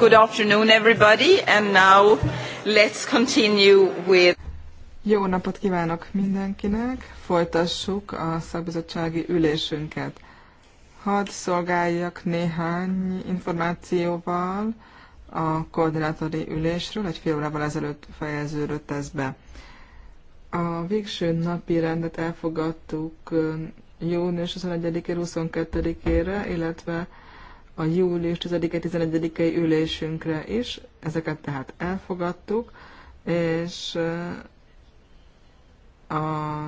Good afternoon, everybody, and now let's continue with... Jó napot kívánok mindenkinek! Folytassuk a szakbizottsági ülésünket. Hadd szolgáljak néhány információval a koordinátori ülésről, egy fél órával ezelőtt fejeződött ez be. A végső napi rendet elfogadtuk június 21-22-ére, illetve a július 10-11-i ülésünkre is. Ezeket tehát elfogadtuk, és eh, a,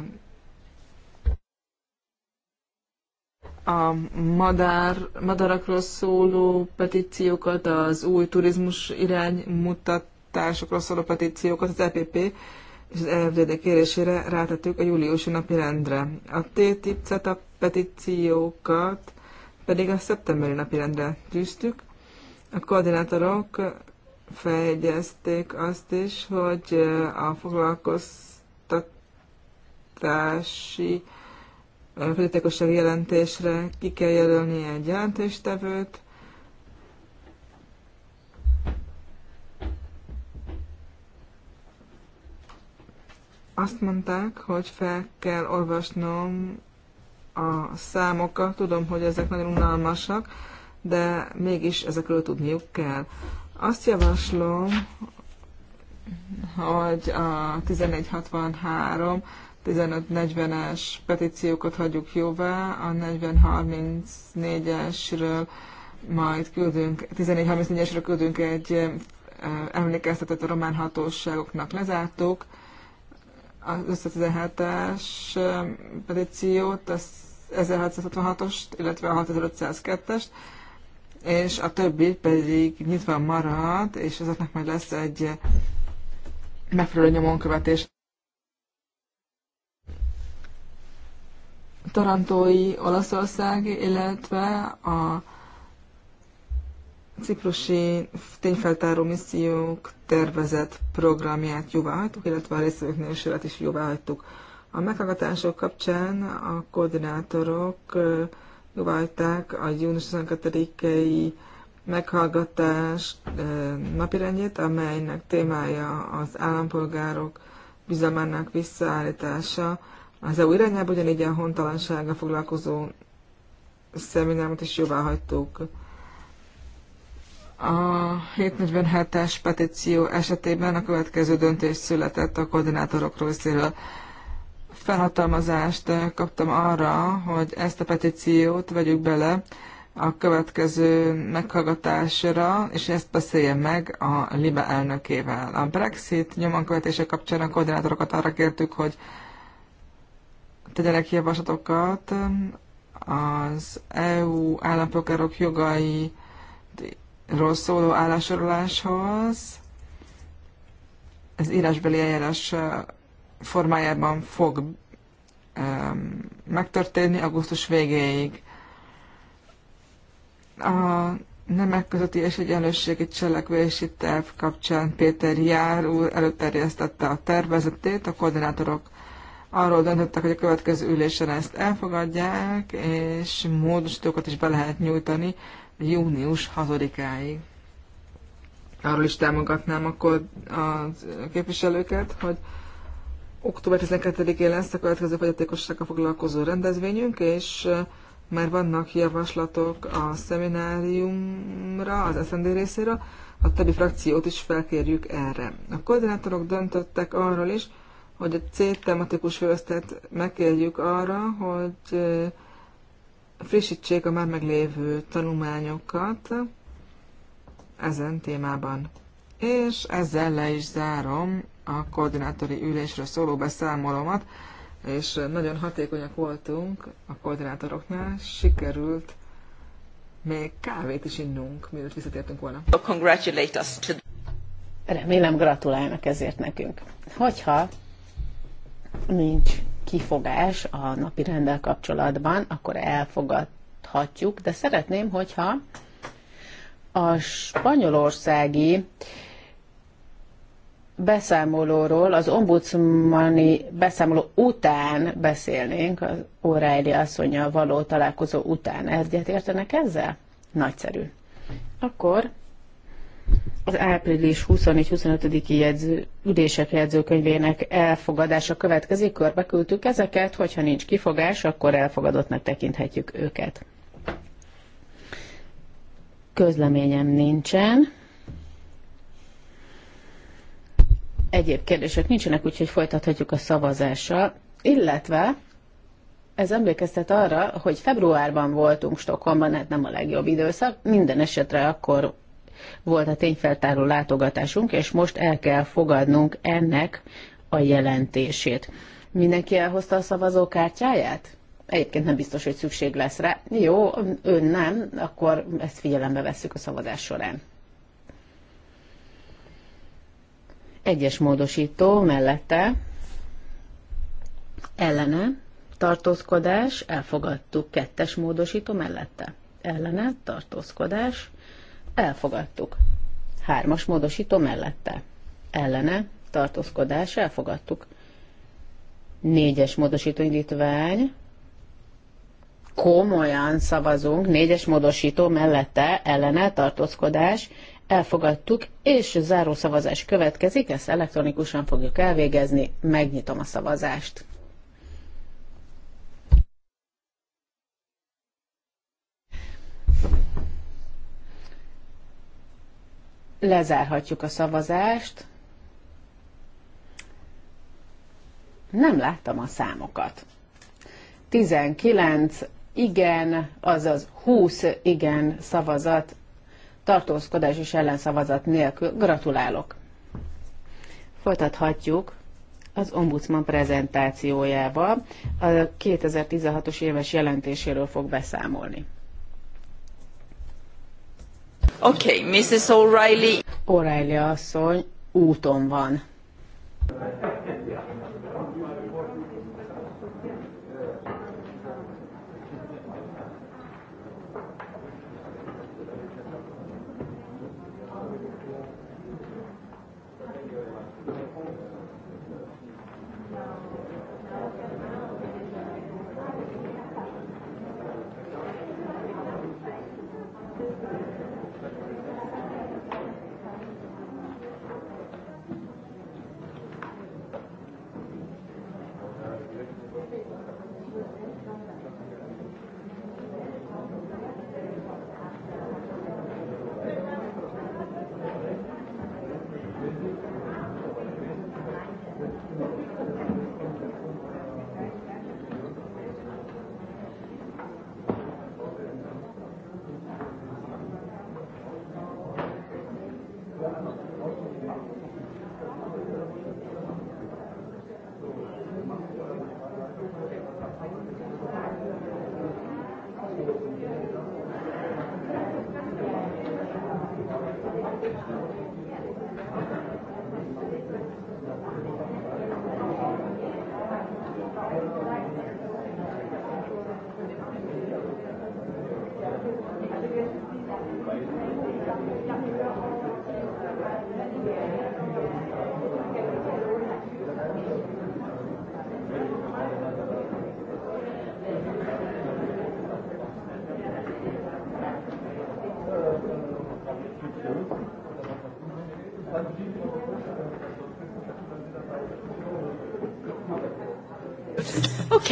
a madár, madarakról szóló petíciókat, az új turizmus iránymutatásokról szóló petíciókat az EPP és az EFDD kérésére rátettük a júliusi napi rendre. A TTIP-CETA petíciókat pedig a szeptemberi napi rendre tűztük. A koordinátorok fejegyezték azt is, hogy eh, a foglalkoztatási eh, fogyatékossági jelentésre ki kell jelölni egy jelentéstevőt, azt mondták, hogy fel kell olvasnom a számokkal Tudom, hogy ezek nagyon unalmasak, de mégis ezekről tudniuk kell. Azt javaslom, hogy a 1163 1540 es petíciókat hagyjuk jóvá, a 4034 esről majd küldünk, 14 esről küldünk egy emlékeztetett a román hatóságoknak lezártuk, az 517-es petíciót, az 1666 ost illetve a 6502-est, és a többi pedig nyitva marad, és ezeknek majd lesz egy megfelelő nyomonkövetés. Tarantói Olaszország, illetve a ciprusi tényfeltáró missziók tervezett programját jóváhagytuk, illetve a részvevőknél is is jóváhagytuk. A meghallgatások kapcsán a koordinátorok jóváhagyták a június 22-i meghallgatás napirendjét, amelynek témája az állampolgárok bizalmának visszaállítása. Az EU irányában ugyanígy a hontalansággal foglalkozó szemináriumot is jóváhagytuk. hagytuk a 747-es petíció esetében a következő döntés született a koordinátorok részéről. Felhatalmazást kaptam arra, hogy ezt a petíciót vegyük bele a következő meghallgatásra, és ezt beszélje meg a LIBE elnökével. A Brexit nyomonkövetése kapcsán a koordinátorokat arra kértük, hogy tegyenek javaslatokat az EU állampolgárok jogai ról szóló állásoroláshoz. Ez írásbeli eljárás formájában fog megtörténni augusztus végéig. A nemek közötti és egyenlősségi cselekvési terv kapcsán Péter Jár úr előterjesztette a tervezetét, a koordinátorok arról döntöttek, hogy a következő ülésen ezt elfogadják, és módosítókat is be lehet nyújtani június 6-áig. Arról is támogatnám akkor a képviselőket, hogy október 12-én lesz a következő fogyatékossággal foglalkozó rendezvényünk, és már vannak javaslatok a szemináriumra, az SZND részéről, a többi frakciót is felkérjük erre. A koordinátorok döntöttek arról is, hogy a C tematikus főosztályt megkérjük arra, hogy frissítsék a már meglévő tanulmányokat ezen témában. És ezzel le is zárom a koordinátori ülésről szóló beszámolomat, és nagyon hatékonyak voltunk a koordinátoroknál, sikerült még kávét is innunk, mielőtt visszatértünk volna. Congratulate us to... Remélem gratulálnak ezért nekünk. Hogyha nincs kifogás a napi rendel kapcsolatban, akkor elfogadhatjuk, de szeretném, hogyha a spanyolországi beszámolóról, az ombudsmani beszámoló után beszélnénk, az O'Reilly asszonya való találkozó után. Egyet értenek ezzel? Nagyszerű. Akkor az április 24-25-i jegyző, üdések jegyzőkönyvének elfogadása következik, körbe küldtük ezeket, hogyha nincs kifogás, akkor elfogadottnak tekinthetjük őket. Közleményem nincsen. Egyéb kérdések nincsenek, úgyhogy folytathatjuk a szavazással, illetve ez emlékeztet arra, hogy februárban voltunk Stockholmban, hát nem a legjobb időszak, minden esetre akkor volt a tényfeltáró látogatásunk, és most el kell fogadnunk ennek a jelentését. Mindenki elhozta a szavazókártyáját? Egyébként nem biztos, hogy szükség lesz rá. Jó, ön nem, akkor ezt figyelembe vesszük a szavazás során. Egyes módosító mellette ellene tartózkodás, elfogadtuk kettes módosító mellette. Ellene tartózkodás, Elfogadtuk. Hármas módosító mellette. Ellene. Tartózkodás. Elfogadtuk. Négyes módosító indítvány. Komolyan szavazunk. Négyes módosító mellette. Ellene. Tartózkodás. Elfogadtuk, és záró szavazás következik, ezt elektronikusan fogjuk elvégezni. Megnyitom a szavazást. Lezárhatjuk a szavazást. Nem láttam a számokat. 19 igen, azaz 20 igen szavazat, tartózkodás és ellenszavazat nélkül. Gratulálok! Folytathatjuk az ombudsman prezentációjával. A 2016-os éves jelentéséről fog beszámolni okay, Mrs. O'Reilly. O'Reilly asszony úton van.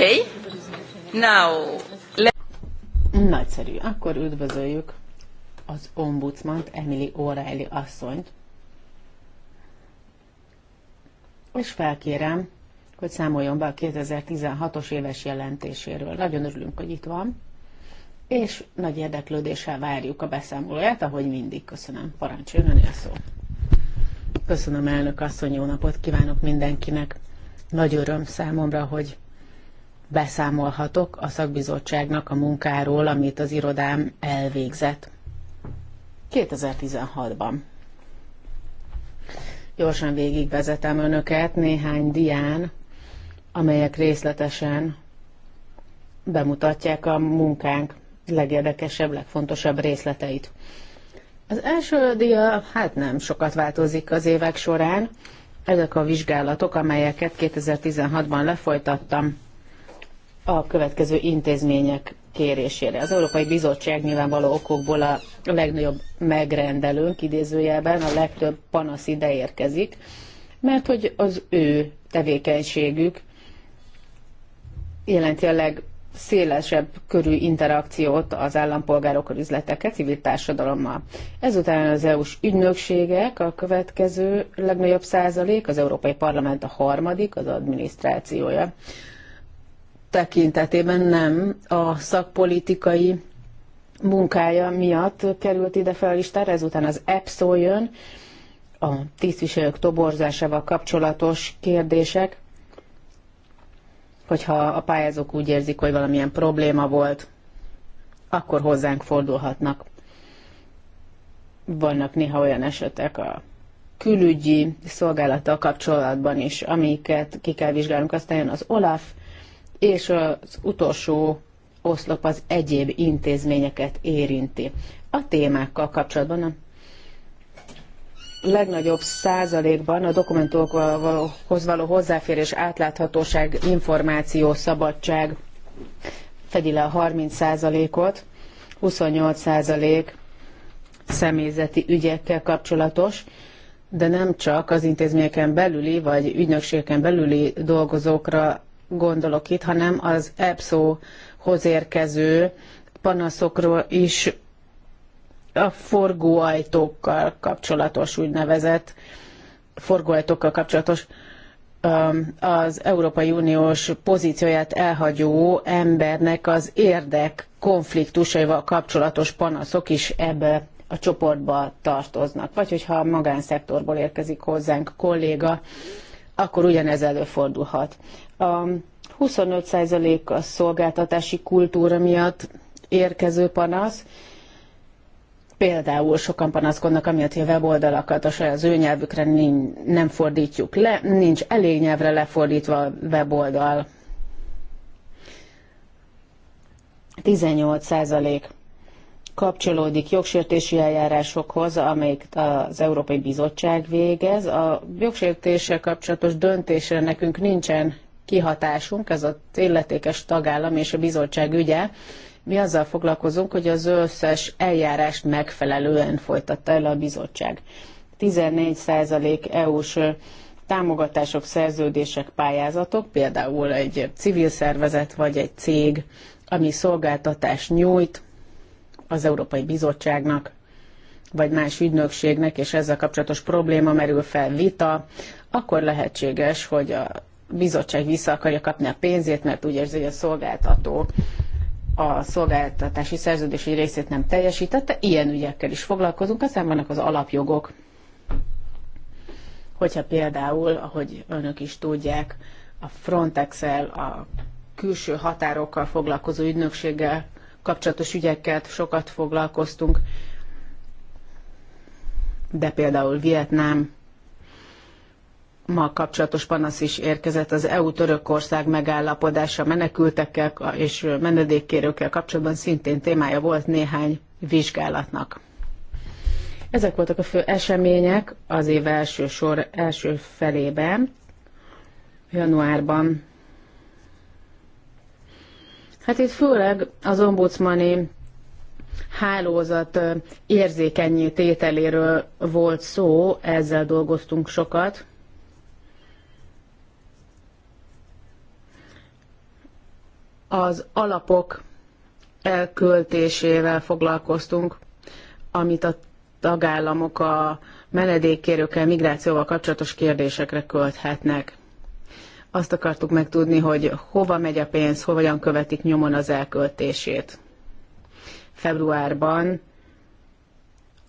Okay. Now, let... Nagyszerű. Akkor üdvözöljük az Ombudsman Emily O'Reilly asszonyt. És felkérem, hogy számoljon be a 2016-os éves jelentéséről. Nagyon örülünk, hogy itt van, és nagy érdeklődéssel várjuk a beszámolóját, ahogy mindig. Köszönöm. Parancsoljon a szó. Köszönöm, elnök asszony, jó napot kívánok mindenkinek. Nagy öröm számomra, hogy beszámolhatok a szakbizottságnak a munkáról, amit az irodám elvégzett 2016-ban. Gyorsan végigvezetem önöket néhány dián, amelyek részletesen bemutatják a munkánk legérdekesebb, legfontosabb részleteit. Az első dia hát nem sokat változik az évek során. Ezek a vizsgálatok, amelyeket 2016-ban lefolytattam, a következő intézmények kérésére. Az Európai Bizottság nyilvánvaló okokból a legnagyobb megrendelőnk idézőjelben a legtöbb panasz ide érkezik, mert hogy az ő tevékenységük jelenti a legszélesebb körű interakciót az állampolgárokkal, üzletekkel, civil társadalommal. Ezután az EU-s ügynökségek a következő legnagyobb százalék, az Európai Parlament a harmadik, az adminisztrációja tekintetében nem a szakpolitikai munkája miatt került ide fel a listára, ezután az app jön, a tisztviselők toborzásával kapcsolatos kérdések, hogyha a pályázók úgy érzik, hogy valamilyen probléma volt, akkor hozzánk fordulhatnak. Vannak néha olyan esetek a külügyi szolgálattal kapcsolatban is, amiket ki kell vizsgálnunk. Aztán jön az OLAF, és az utolsó oszlop az egyéb intézményeket érinti. A témákkal kapcsolatban a legnagyobb százalékban a dokumentumokhoz való hozzáférés, átláthatóság, információ, szabadság fedi le a 30 százalékot, 28 százalék személyzeti ügyekkel kapcsolatos, de nem csak az intézményeken belüli vagy ügynökségeken belüli dolgozókra gondolok itt, hanem az EPSO-hoz érkező panaszokról is a forgóajtókkal kapcsolatos úgynevezett forgóajtókkal kapcsolatos um, az Európai Uniós pozícióját elhagyó embernek az érdek konfliktusaival kapcsolatos panaszok is ebbe a csoportba tartoznak. Vagy hogyha a magánszektorból érkezik hozzánk kolléga, akkor ugyanez előfordulhat. A 25% a szolgáltatási kultúra miatt érkező panasz. Például sokan panaszkodnak, amiatt, hogy a weboldalakat a saját ő nyelvükre nem fordítjuk le, nincs elég nyelvre lefordítva a weboldal. 18 százalék kapcsolódik jogsértési eljárásokhoz, amelyik az Európai Bizottság végez. A jogsértéssel kapcsolatos döntésre nekünk nincsen kihatásunk, ez az illetékes tagállam és a bizottság ügye. Mi azzal foglalkozunk, hogy az összes eljárást megfelelően folytatta el a bizottság. 14% EU-s támogatások, szerződések, pályázatok, például egy civil szervezet vagy egy cég, ami szolgáltatást nyújt az Európai Bizottságnak, vagy más ügynökségnek, és ezzel kapcsolatos probléma merül fel vita, akkor lehetséges, hogy a bizottság vissza akarja kapni a pénzét, mert úgy érzi, hogy a szolgáltatók a szolgáltatási szerződés egy részét nem teljesítette. Ilyen ügyekkel is foglalkozunk, aztán vannak az alapjogok. Hogyha például, ahogy önök is tudják, a frontex a külső határokkal foglalkozó ügynökséggel kapcsolatos ügyeket sokat foglalkoztunk, de például Vietnám ma kapcsolatos panasz is érkezett az EU-Törökország megállapodása menekültekkel és menedékkérőkkel kapcsolatban szintén témája volt néhány vizsgálatnak. Ezek voltak a fő események az év első sor első felében, januárban. Hát itt főleg az ombudsmani hálózat érzékenyé volt szó, ezzel dolgoztunk sokat, az alapok elköltésével foglalkoztunk, amit a tagállamok a menedékkérőkkel, migrációval kapcsolatos kérdésekre költhetnek. Azt akartuk megtudni, hogy hova megy a pénz, hogyan követik nyomon az elköltését. Februárban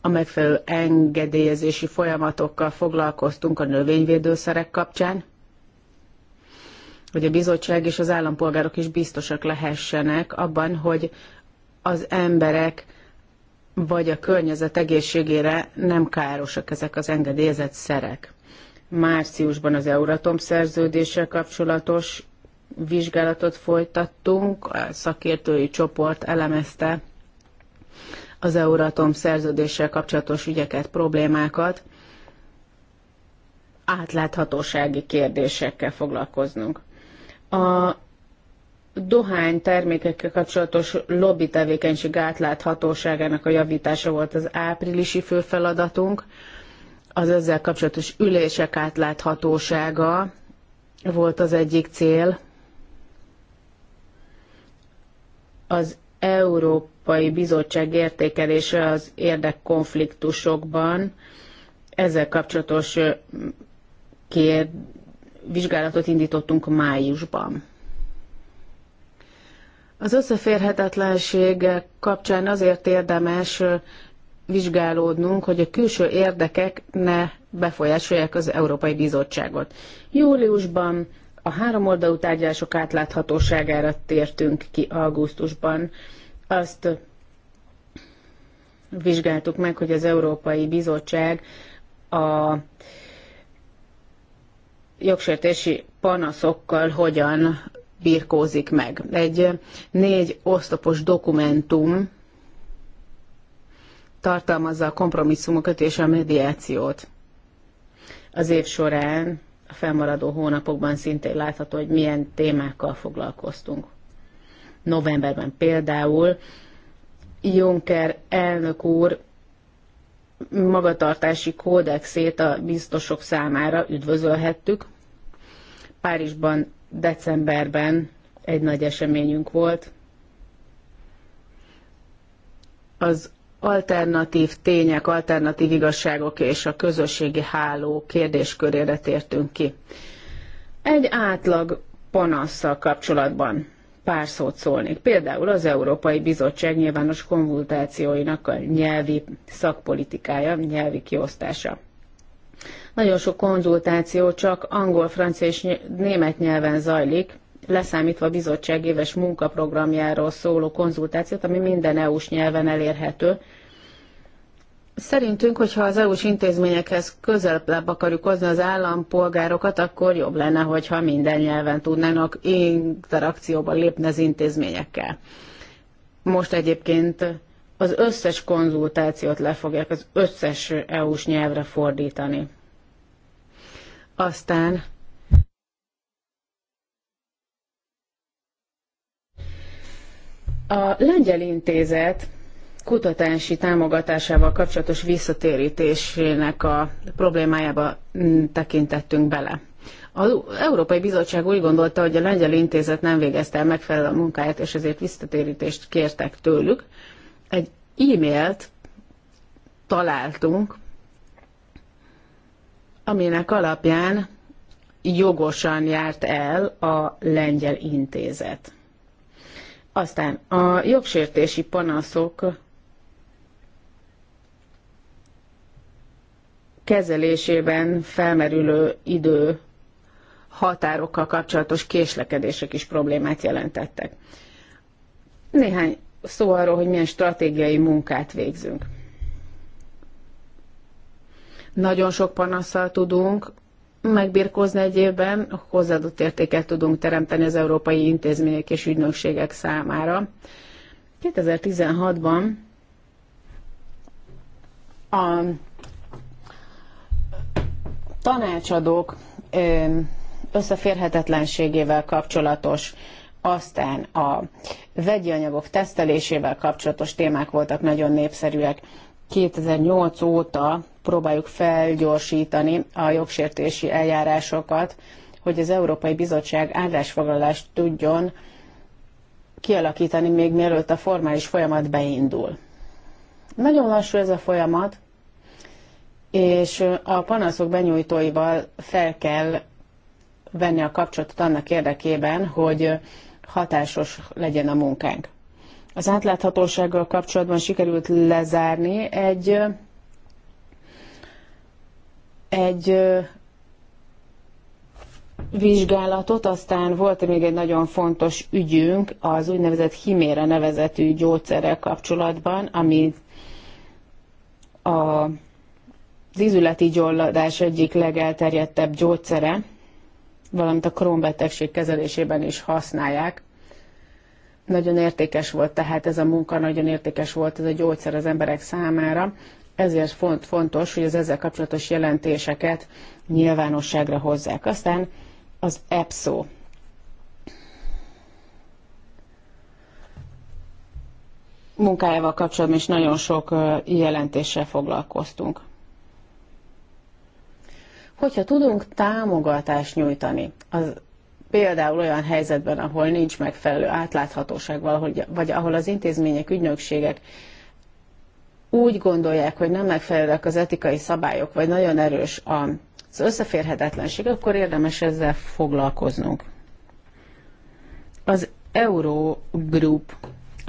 a megfelelő engedélyezési folyamatokkal foglalkoztunk a növényvédőszerek kapcsán, hogy a bizottság és az állampolgárok is biztosak lehessenek abban, hogy az emberek vagy a környezet egészségére nem károsak ezek az engedélyezett szerek. Márciusban az Euratom szerződéssel kapcsolatos vizsgálatot folytattunk, a szakértői csoport elemezte az Euratom szerződéssel kapcsolatos ügyeket, problémákat, átláthatósági kérdésekkel foglalkoznunk. A dohány termékekkel kapcsolatos lobby tevékenység átláthatóságának a javítása volt az áprilisi főfeladatunk, Az ezzel kapcsolatos ülések átláthatósága volt az egyik cél. Az Európai Bizottság értékelése az érdekkonfliktusokban ezzel kapcsolatos kérdés vizsgálatot indítottunk májusban. Az összeférhetetlenség kapcsán azért érdemes vizsgálódnunk, hogy a külső érdekek ne befolyásolják az Európai Bizottságot. Júliusban a háromoldalú tárgyalások átláthatóságára tértünk ki augusztusban. Azt vizsgáltuk meg, hogy az Európai Bizottság a jogsértési panaszokkal hogyan birkózik meg. Egy négy oszlopos dokumentum tartalmazza a kompromisszumokat és a mediációt. Az év során, a felmaradó hónapokban szintén látható, hogy milyen témákkal foglalkoztunk. Novemberben például Juncker elnök úr magatartási kódexét a biztosok számára üdvözölhettük. Párizsban decemberben egy nagy eseményünk volt. Az alternatív tények, alternatív igazságok és a közösségi háló kérdéskörére tértünk ki. Egy átlag panasszal kapcsolatban pár szót szólnék. Például az Európai Bizottság nyilvános konvultációinak a nyelvi szakpolitikája, nyelvi kiosztása. Nagyon sok konzultáció csak angol, francia és német nyelven zajlik, leszámítva a bizottság éves munkaprogramjáról szóló konzultációt, ami minden EU-s nyelven elérhető, Szerintünk, hogyha az EU-s intézményekhez közelebb akarjuk hozni az állampolgárokat, akkor jobb lenne, hogyha minden nyelven tudnának interakcióba lépni az intézményekkel. Most egyébként az összes konzultációt le fogják az összes EU-s nyelvre fordítani. Aztán a lengyel intézet kutatási támogatásával kapcsolatos visszatérítésének a problémájába mm, tekintettünk bele. Az Európai Bizottság úgy gondolta, hogy a lengyel intézet nem végezte el megfelelő a munkáját, és ezért visszatérítést kértek tőlük. Egy e-mailt találtunk, aminek alapján jogosan járt el a lengyel intézet. Aztán a jogsértési panaszok kezelésében felmerülő idő határokkal kapcsolatos késlekedések is problémát jelentettek. Néhány szó arról, hogy milyen stratégiai munkát végzünk. Nagyon sok panaszsal tudunk megbirkózni egy évben, hozzáadott értéket tudunk teremteni az európai intézmények és ügynökségek számára. 2016-ban a tanácsadók összeférhetetlenségével kapcsolatos, aztán a vegyi anyagok tesztelésével kapcsolatos témák voltak nagyon népszerűek. 2008 óta próbáljuk felgyorsítani a jogsértési eljárásokat, hogy az Európai Bizottság állásfoglalást tudjon kialakítani, még mielőtt a formális folyamat beindul. Nagyon lassú ez a folyamat, és a panaszok benyújtóival fel kell venni a kapcsolatot annak érdekében, hogy hatásos legyen a munkánk. Az átláthatósággal kapcsolatban sikerült lezárni egy, egy vizsgálatot, aztán volt még egy nagyon fontos ügyünk, az úgynevezett Himére nevezetű gyógyszerrel kapcsolatban, ami a az ízületi gyolladás egyik legelterjedtebb gyógyszere, valamint a krónbetegség kezelésében is használják. Nagyon értékes volt tehát ez a munka, nagyon értékes volt ez a gyógyszer az emberek számára, ezért font, fontos, hogy az ezzel kapcsolatos jelentéseket nyilvánosságra hozzák. Aztán az EPSO. Munkájával kapcsolatban is nagyon sok jelentéssel foglalkoztunk. Hogyha tudunk támogatást nyújtani, az például olyan helyzetben, ahol nincs megfelelő átláthatóság, valahogy, vagy ahol az intézmények, ügynökségek úgy gondolják, hogy nem megfelelőek az etikai szabályok, vagy nagyon erős az összeférhetetlenség, akkor érdemes ezzel foglalkoznunk. Az Eurogroup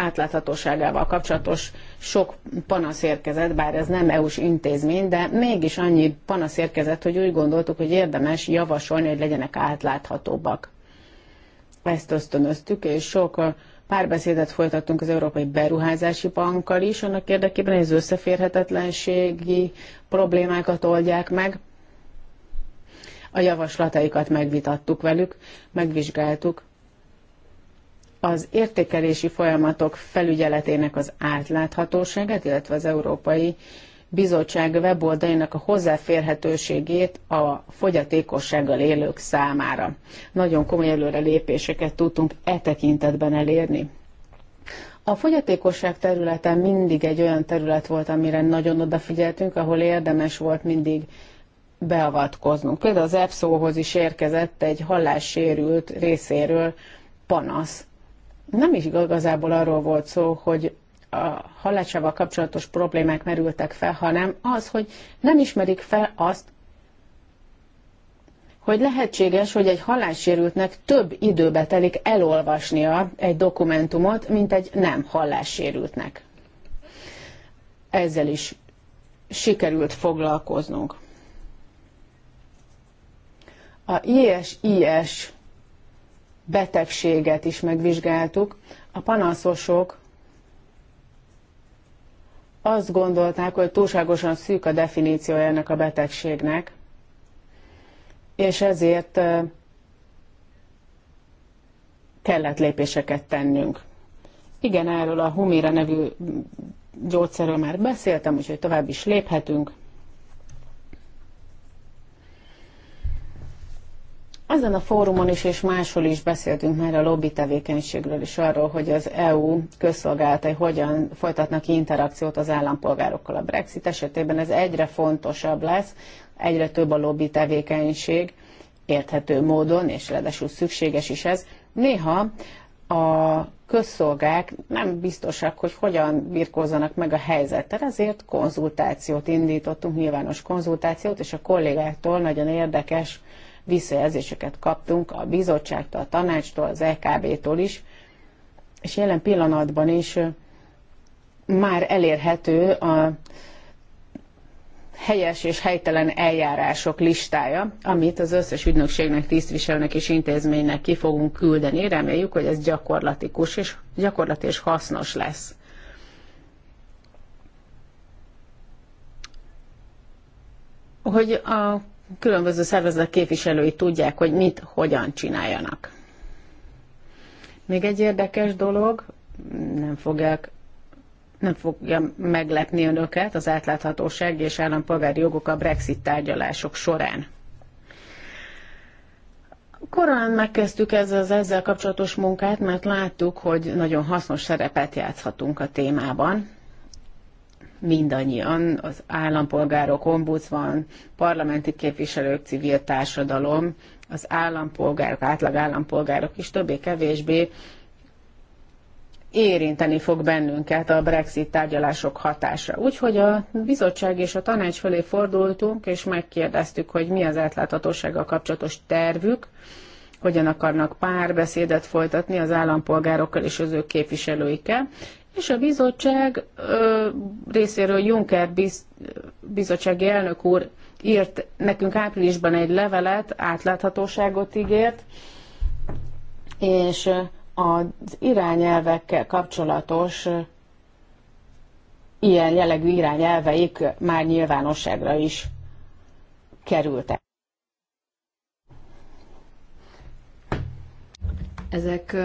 átláthatóságával kapcsolatos sok panasz érkezett, bár ez nem EU-s intézmény, de mégis annyi panasz érkezett, hogy úgy gondoltuk, hogy érdemes javasolni, hogy legyenek átláthatóbbak. Ezt ösztönöztük, és sok párbeszédet folytattunk az Európai Beruházási Bankkal is, annak érdekében, hogy az összeférhetetlenségi problémákat oldják meg. A javaslataikat megvitattuk velük, megvizsgáltuk, az értékelési folyamatok felügyeletének az átláthatóságát, illetve az Európai Bizottság weboldainak a hozzáférhetőségét a fogyatékossággal élők számára. Nagyon komoly előrelépéseket tudtunk e tekintetben elérni. A fogyatékosság területen mindig egy olyan terület volt, amire nagyon odafigyeltünk, ahol érdemes volt mindig beavatkoznunk. Például az EPSZO-hoz is érkezett egy hallássérült részéről panasz nem is igazából arról volt szó, hogy a hallássával kapcsolatos problémák merültek fel, hanem az, hogy nem ismerik fel azt, hogy lehetséges, hogy egy hallássérültnek több időbe telik elolvasnia egy dokumentumot, mint egy nem hallássérültnek. Ezzel is sikerült foglalkoznunk. A ISIS betegséget is megvizsgáltuk. A panaszosok azt gondolták, hogy túlságosan szűk a definíció ennek a betegségnek, és ezért kellett lépéseket tennünk. Igen, erről a Humira nevű gyógyszerről már beszéltem, úgyhogy tovább is léphetünk. Ezen a fórumon is és máshol is beszéltünk már a lobby tevékenységről is arról, hogy az EU közszolgálatai hogyan folytatnak interakciót az állampolgárokkal. A Brexit esetében ez egyre fontosabb lesz, egyre több a lobby tevékenység, érthető módon, és ráadásul szükséges is ez. Néha a közszolgák nem biztosak, hogy hogyan birkózzanak meg a helyzettel, ezért konzultációt indítottunk, nyilvános konzultációt, és a kollégáktól nagyon érdekes visszajelzéseket kaptunk a bizottságtól, a tanácstól, az ekb tól is, és jelen pillanatban is már elérhető a helyes és helytelen eljárások listája, amit az összes ügynökségnek, tisztviselőnek és intézménynek ki fogunk küldeni. Reméljük, hogy ez gyakorlatikus és gyakorlati és hasznos lesz. Hogy a különböző szervezetek képviselői tudják, hogy mit, hogyan csináljanak. Még egy érdekes dolog, nem fogják nem fogja meglepni önöket az átláthatóság és állampolgári jogok a Brexit tárgyalások során. Korán megkezdtük ezzel az ezzel kapcsolatos munkát, mert láttuk, hogy nagyon hasznos szerepet játszhatunk a témában, mindannyian, az állampolgárok, ombudsman, parlamenti képviselők, civil társadalom, az állampolgárok, átlag állampolgárok is többé-kevésbé érinteni fog bennünket a Brexit tárgyalások hatása. Úgyhogy a bizottság és a tanács felé fordultunk, és megkérdeztük, hogy mi az átláthatósággal kapcsolatos tervük, hogyan akarnak párbeszédet folytatni az állampolgárokkal és az ő képviselőikkel, és a bizottság ö, részéről Juncker biz, bizottsági elnök úr írt nekünk áprilisban egy levelet, átláthatóságot ígért, és az irányelvekkel kapcsolatos ilyen jellegű irányelveik már nyilvánosságra is kerültek. Ezek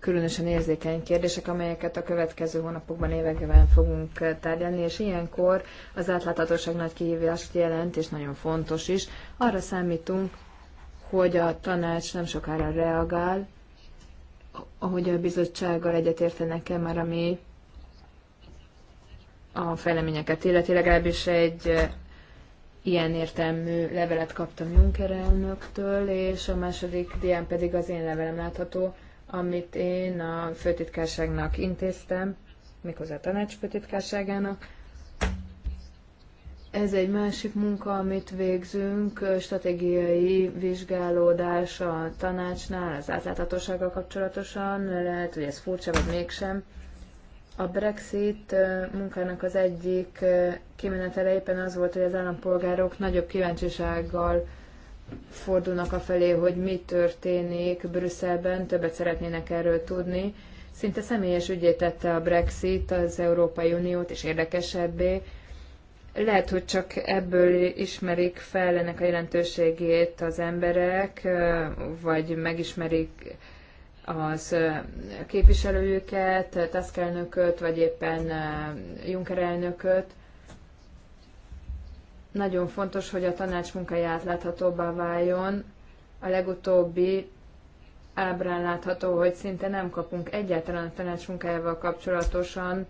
különösen érzékeny kérdések, amelyeket a következő hónapokban, években fogunk eh, tárgyalni, és ilyenkor az átláthatóság nagy kihívást jelent, és nagyon fontos is. Arra számítunk, hogy a tanács nem sokára reagál, ahogy a bizottsággal egyetértenek-e már, ami a fejleményeket illeti, legalábbis egy eh, ilyen értelmű levelet kaptam Juncker elnöktől, és a második dián pedig az én levelem látható, amit én a főtitkárságnak intéztem, méghozzá a tanács főtitkárságának. Ez egy másik munka, amit végzünk, stratégiai vizsgálódás a tanácsnál, az átláthatósággal kapcsolatosan, lehet, hogy ez furcsa, vagy mégsem. A Brexit munkának az egyik kimenetele éppen az volt, hogy az állampolgárok nagyobb kíváncsisággal fordulnak a felé, hogy mi történik Brüsszelben, többet szeretnének erről tudni. Szinte személyes ügyé tette a Brexit az Európai Uniót, és érdekesebbé. Lehet, hogy csak ebből ismerik fel ennek a jelentőségét az emberek, vagy megismerik az képviselőjüket, Tusk elnököt, vagy éppen Juncker elnököt nagyon fontos, hogy a tanács munkája átláthatóbbá váljon. A legutóbbi ábrán látható, hogy szinte nem kapunk egyáltalán a tanács munkájával kapcsolatosan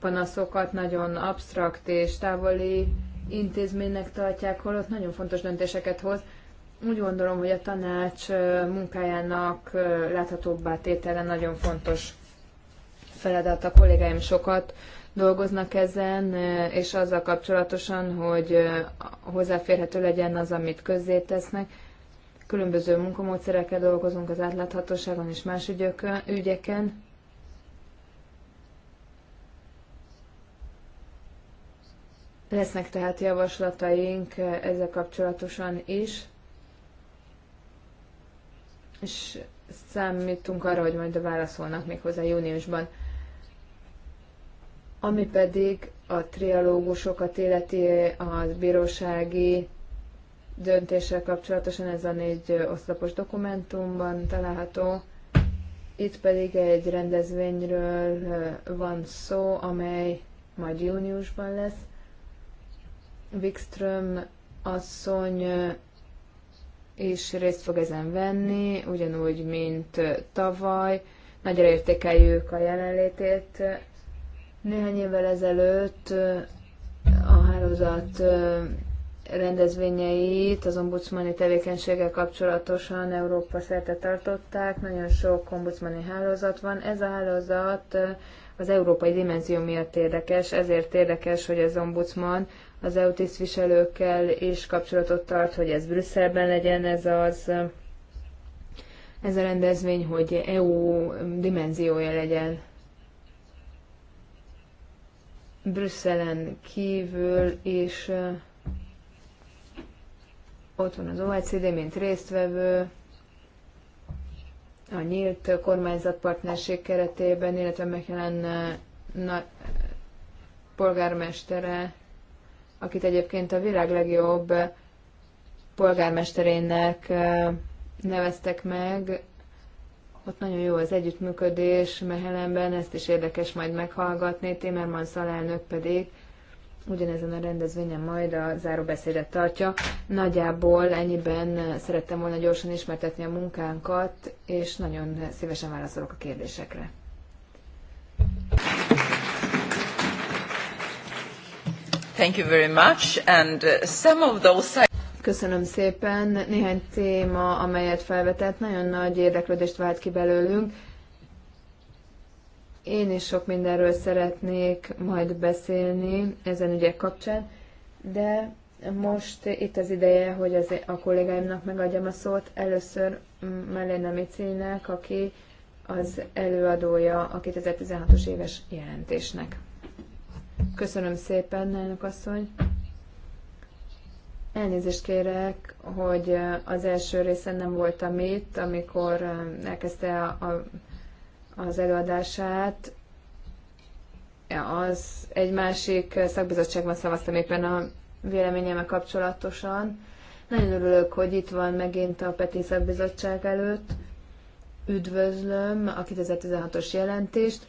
panaszokat, nagyon absztrakt és távoli intézménynek tartják, holott nagyon fontos döntéseket hoz. Úgy gondolom, hogy a tanács munkájának láthatóbbá tétele nagyon fontos feladat. A kollégáim sokat dolgoznak ezen, és azzal kapcsolatosan, hogy hozzáférhető legyen az, amit közzétesznek. Különböző munkamódszerekkel dolgozunk az átláthatóságon és más ügyökön, ügyeken. Lesznek tehát javaslataink ezzel kapcsolatosan is, és számítunk arra, hogy majd a válaszolnak még hozzá júniusban. Ami pedig a trialógusokat illeti a bírósági döntéssel kapcsolatosan ez a négy oszlopos dokumentumban található. Itt pedig egy rendezvényről van szó, amely majd júniusban lesz. Wikström asszony és részt fog ezen venni, ugyanúgy, mint tavaly. Nagyra értékeljük a jelenlétét néhány évvel ezelőtt a hálózat rendezvényeit az ombudsmani tevékenységgel kapcsolatosan Európa szerte tartották, nagyon sok ombudsmani hálózat van. Ez a hálózat az európai dimenzió miatt érdekes, ezért érdekes, hogy az ombudsman az EU tisztviselőkkel is kapcsolatot tart, hogy ez Brüsszelben legyen ez az ez a rendezvény, hogy EU dimenziója legyen Brüsszelen kívül és eh, ott van az OECD, mint résztvevő, a nyílt kormányzatpartnerség keretében, illetve Mechelen eh, na, polgármestere, akit egyébként a világ legjobb polgármesterének eh, neveztek meg, ott nagyon jó az együttműködés Mehelemben, ezt is érdekes majd meghallgatni. Timmermans alelnök pedig ugyanezen a rendezvényen majd a záróbeszédet tartja. Nagyjából ennyiben szerettem volna gyorsan ismertetni a munkánkat, és nagyon szívesen válaszolok a kérdésekre. Thank you very much. And uh, some of those Köszönöm szépen. Néhány téma, amelyet felvetett, nagyon nagy érdeklődést vált ki belőlünk. Én is sok mindenről szeretnék majd beszélni ezen ügyek kapcsán, de most itt az ideje, hogy az, a kollégáimnak megadjam a szót. Először Melena Micinek, aki az előadója a 2016-os éves jelentésnek. Köszönöm szépen, elnök asszony! Elnézést kérek, hogy az első részen nem voltam itt, amikor elkezdte a, a, az előadását. Az egy másik szakbizottságban szavaztam éppen a véleményemmel kapcsolatosan. Nagyon örülök, hogy itt van megint a Peti szakbizottság előtt. Üdvözlöm a 2016-os jelentést.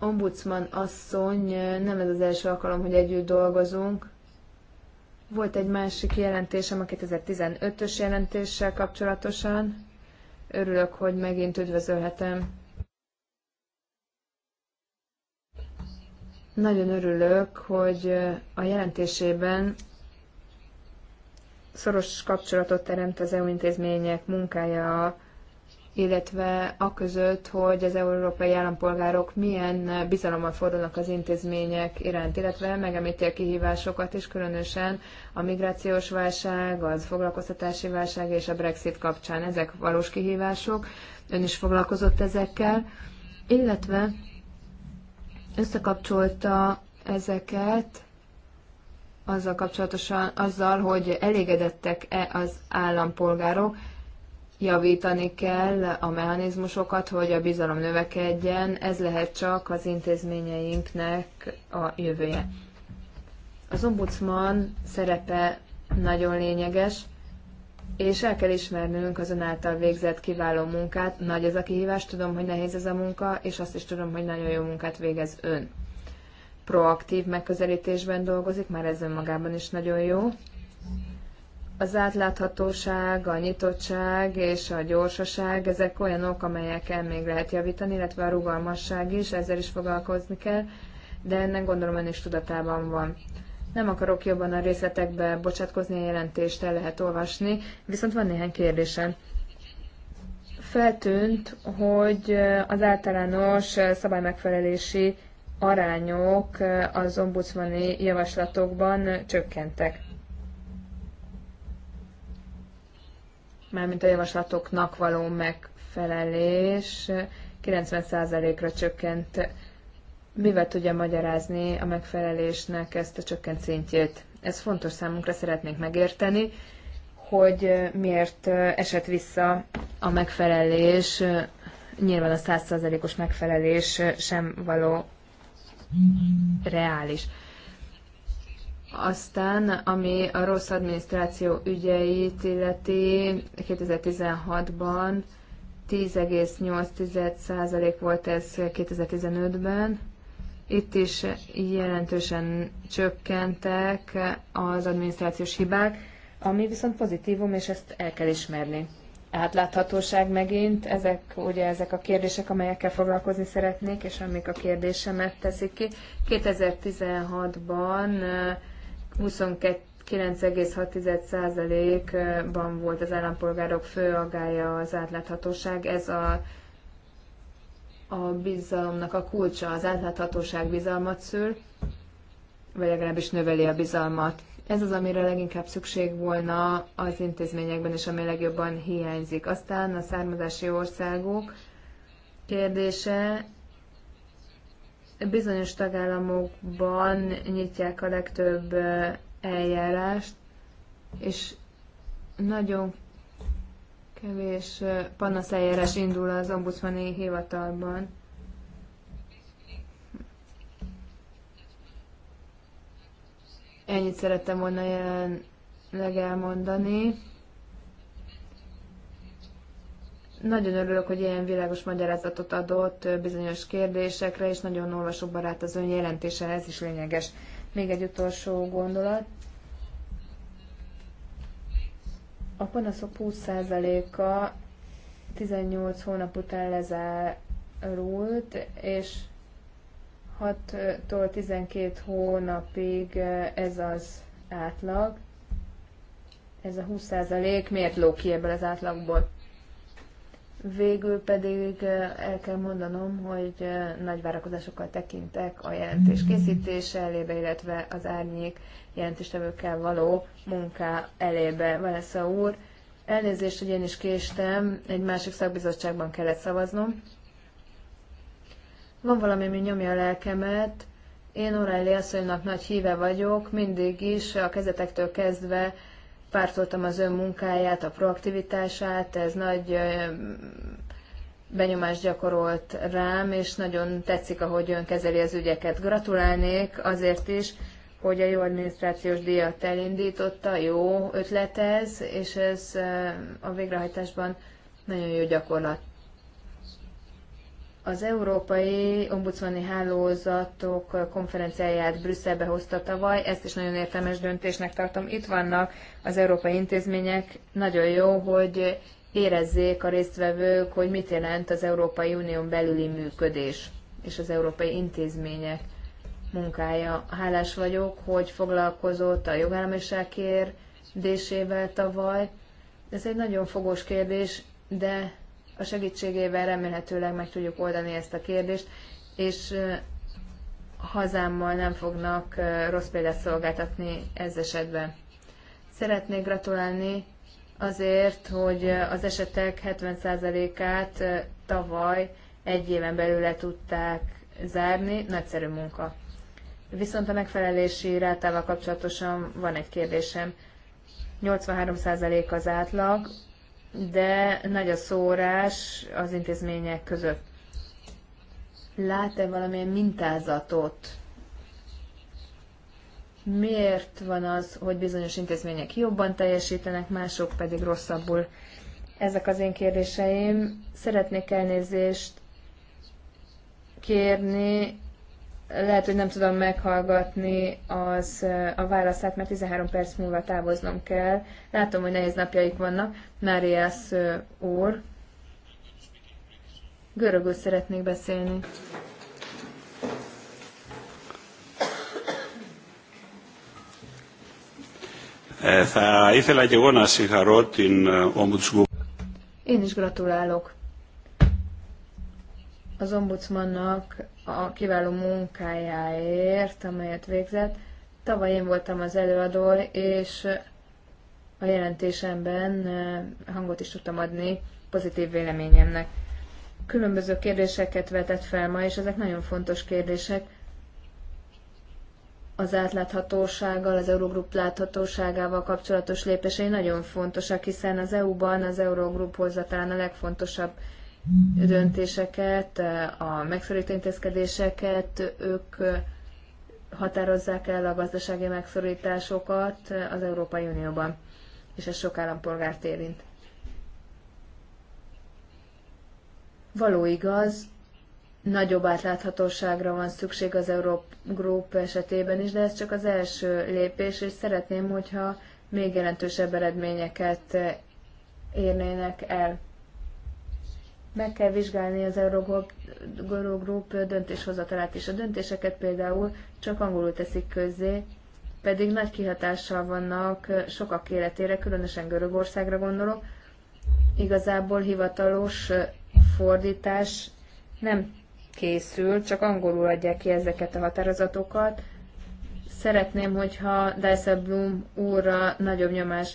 Ombudsman asszony, nem ez az első alkalom, hogy együtt dolgozunk. Volt egy másik jelentésem a 2015-ös jelentéssel kapcsolatosan. Örülök, hogy megint üdvözölhetem. Nagyon örülök, hogy a jelentésében szoros kapcsolatot teremt az EU intézmények munkája a illetve a között, hogy az európai állampolgárok milyen bizalommal fordulnak az intézmények iránt, illetve megemlíti a kihívásokat is, különösen a migrációs válság, az foglalkoztatási válság és a Brexit kapcsán. Ezek valós kihívások, ön is foglalkozott ezekkel, illetve összekapcsolta ezeket azzal kapcsolatosan, azzal, hogy elégedettek-e az állampolgárok, javítani kell a mechanizmusokat, hogy a bizalom növekedjen, ez lehet csak az intézményeinknek a jövője. Az ombudsman szerepe nagyon lényeges, és el kell ismernünk az ön által végzett kiváló munkát. Nagy ez a kihívás, tudom, hogy nehéz ez a munka, és azt is tudom, hogy nagyon jó munkát végez ön. Proaktív megközelítésben dolgozik, már ez önmagában is nagyon jó az átláthatóság, a nyitottság és a gyorsaság, ezek olyanok, amelyeken még lehet javítani, illetve a rugalmasság is, ezzel is foglalkozni kell, de ennek gondolom ön is tudatában van. Nem akarok jobban a részletekbe bocsátkozni, a jelentést el lehet olvasni, viszont van néhány kérdésem. Feltűnt, hogy az általános szabálymegfelelési arányok az ombudsmani javaslatokban csökkentek mármint a javaslatoknak való megfelelés 90%-ra csökkent. Mivel tudja magyarázni a megfelelésnek ezt a csökkent szintjét? Ez fontos számunkra, szeretnénk megérteni, hogy miért esett vissza a megfelelés, nyilván a 100%-os megfelelés sem való reális. Aztán, ami a rossz adminisztráció ügyeit illeti, 2016-ban 10,8% volt ez 2015-ben. Itt is jelentősen csökkentek az adminisztrációs hibák, ami viszont pozitívum, és ezt el kell ismerni. Átláthatóság megint, ezek ugye ezek a kérdések, amelyekkel foglalkozni szeretnék, és amik a kérdésemet teszik ki. 2016-ban 29,6%-ban volt az állampolgárok fő aggája az átláthatóság. Ez a, a bizalomnak a kulcsa, az átláthatóság bizalmat szül, vagy legalábbis növeli a bizalmat. Ez az, amire leginkább szükség volna az intézményekben, és ami legjobban hiányzik. Aztán a származási országok kérdése, bizonyos tagállamokban nyitják a legtöbb eljárást, és nagyon kevés panaszeljárás indul az ombudsmani hivatalban. Ennyit szerettem volna jelenleg elmondani. Nagyon örülök, hogy ilyen világos magyarázatot adott bizonyos kérdésekre, és nagyon olvasóbarát az ön jelentése, ez is lényeges. Még egy utolsó gondolat. A panaszok 20%-a 18 hónap után lezárult, és 6-tól 12 hónapig ez az átlag. Ez a 20% miért ló ki ebből az átlagból? Végül pedig el kell mondanom, hogy nagy várakozásokkal tekintek a jelentés készítése elébe, illetve az árnyék jelentéstevőkkel való munká elébe. Valesza úr, elnézést, hogy én is késtem, egy másik szakbizottságban kellett szavaznom. Van valami, ami nyomja a lelkemet. Én Orelli asszonynak nagy híve vagyok, mindig is, a kezetektől kezdve pártoltam az ön munkáját, a proaktivitását, ez nagy benyomást gyakorolt rám, és nagyon tetszik, ahogy ön kezeli az ügyeket. Gratulálnék azért is, hogy a jó adminisztrációs díjat elindította, jó ötlet ez, és ez a végrehajtásban nagyon jó gyakorlat. Az Európai Ombudsmani Hálózatok konferenciáját Brüsszelbe hozta tavaly, ezt is nagyon értelmes döntésnek tartom. Itt vannak az európai intézmények, nagyon jó, hogy érezzék a résztvevők, hogy mit jelent az Európai Unión belüli működés és az európai intézmények munkája. Hálás vagyok, hogy foglalkozott a jogállamiság kérdésével tavaly. Ez egy nagyon fogós kérdés, de a segítségével remélhetőleg meg tudjuk oldani ezt a kérdést, és hazámmal nem fognak rossz példát szolgáltatni ez esetben. Szeretnék gratulálni azért, hogy az esetek 70%-át tavaly egy éven belül le tudták zárni, nagyszerű munka. Viszont a megfelelési rátával kapcsolatosan van egy kérdésem. 83% az átlag, de nagy a szórás az intézmények között. Lát-e valamilyen mintázatot? Miért van az, hogy bizonyos intézmények jobban teljesítenek, mások pedig rosszabbul? Ezek az én kérdéseim. Szeretnék elnézést kérni lehet, hogy nem tudom meghallgatni az, eh, a válaszát, mert 13 perc múlva távoznom kell. Látom, hogy nehéz napjaik vannak. Máriász eh, úr, görögül szeretnék beszélni. Eh, Én is gratulálok az ombudsmannak a kiváló munkájáért, amelyet végzett. Tavaly én voltam az előadó, és a jelentésemben eh, hangot is tudtam adni pozitív véleményemnek. Különböző kérdéseket vetett fel ma, és ezek nagyon fontos kérdések. Az átláthatósággal, az Eurogroup láthatóságával kapcsolatos lépései nagyon fontosak, hiszen az EU-ban az Eurogroup hozatán a legfontosabb döntéseket, a megszorító intézkedéseket, ők határozzák el a gazdasági megszorításokat az Európai Unióban, és ez sok állampolgárt érint. Való igaz, nagyobb átláthatóságra van szükség az Euró Group esetében is, de ez csak az első lépés, és szeretném, hogyha még jelentősebb eredményeket érnének el meg kell vizsgálni az Eurogroup döntéshozatalát is. A döntéseket például csak angolul teszik közzé, pedig nagy kihatással vannak sokak életére, különösen Görögországra gondolok. Igazából hivatalos fordítás nem készül, csak angolul adják ki ezeket a határozatokat. Szeretném, hogyha Dyson Bloom úrra nagyobb nyomás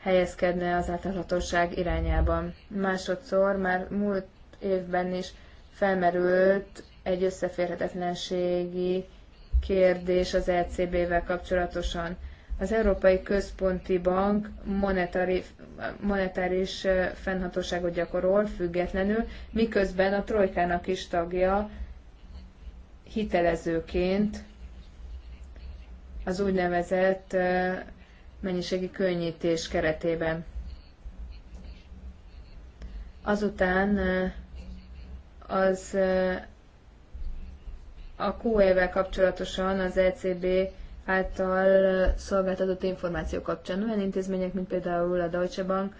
helyezkedne az átláthatóság irányában. Másodszor már múlt évben is felmerült egy összeférhetetlenségi kérdés az ECB-vel kapcsolatosan. Az Európai Központi Bank monetári, monetáris fennhatóságot gyakorol függetlenül, miközben a Trojkának is tagja hitelezőként az úgynevezett mennyiségi könnyítés keretében. Azután eh, az eh, a QE-vel kapcsolatosan az ECB által eh, szolgáltatott információ kapcsán olyan intézmények, mint például a Deutsche Bank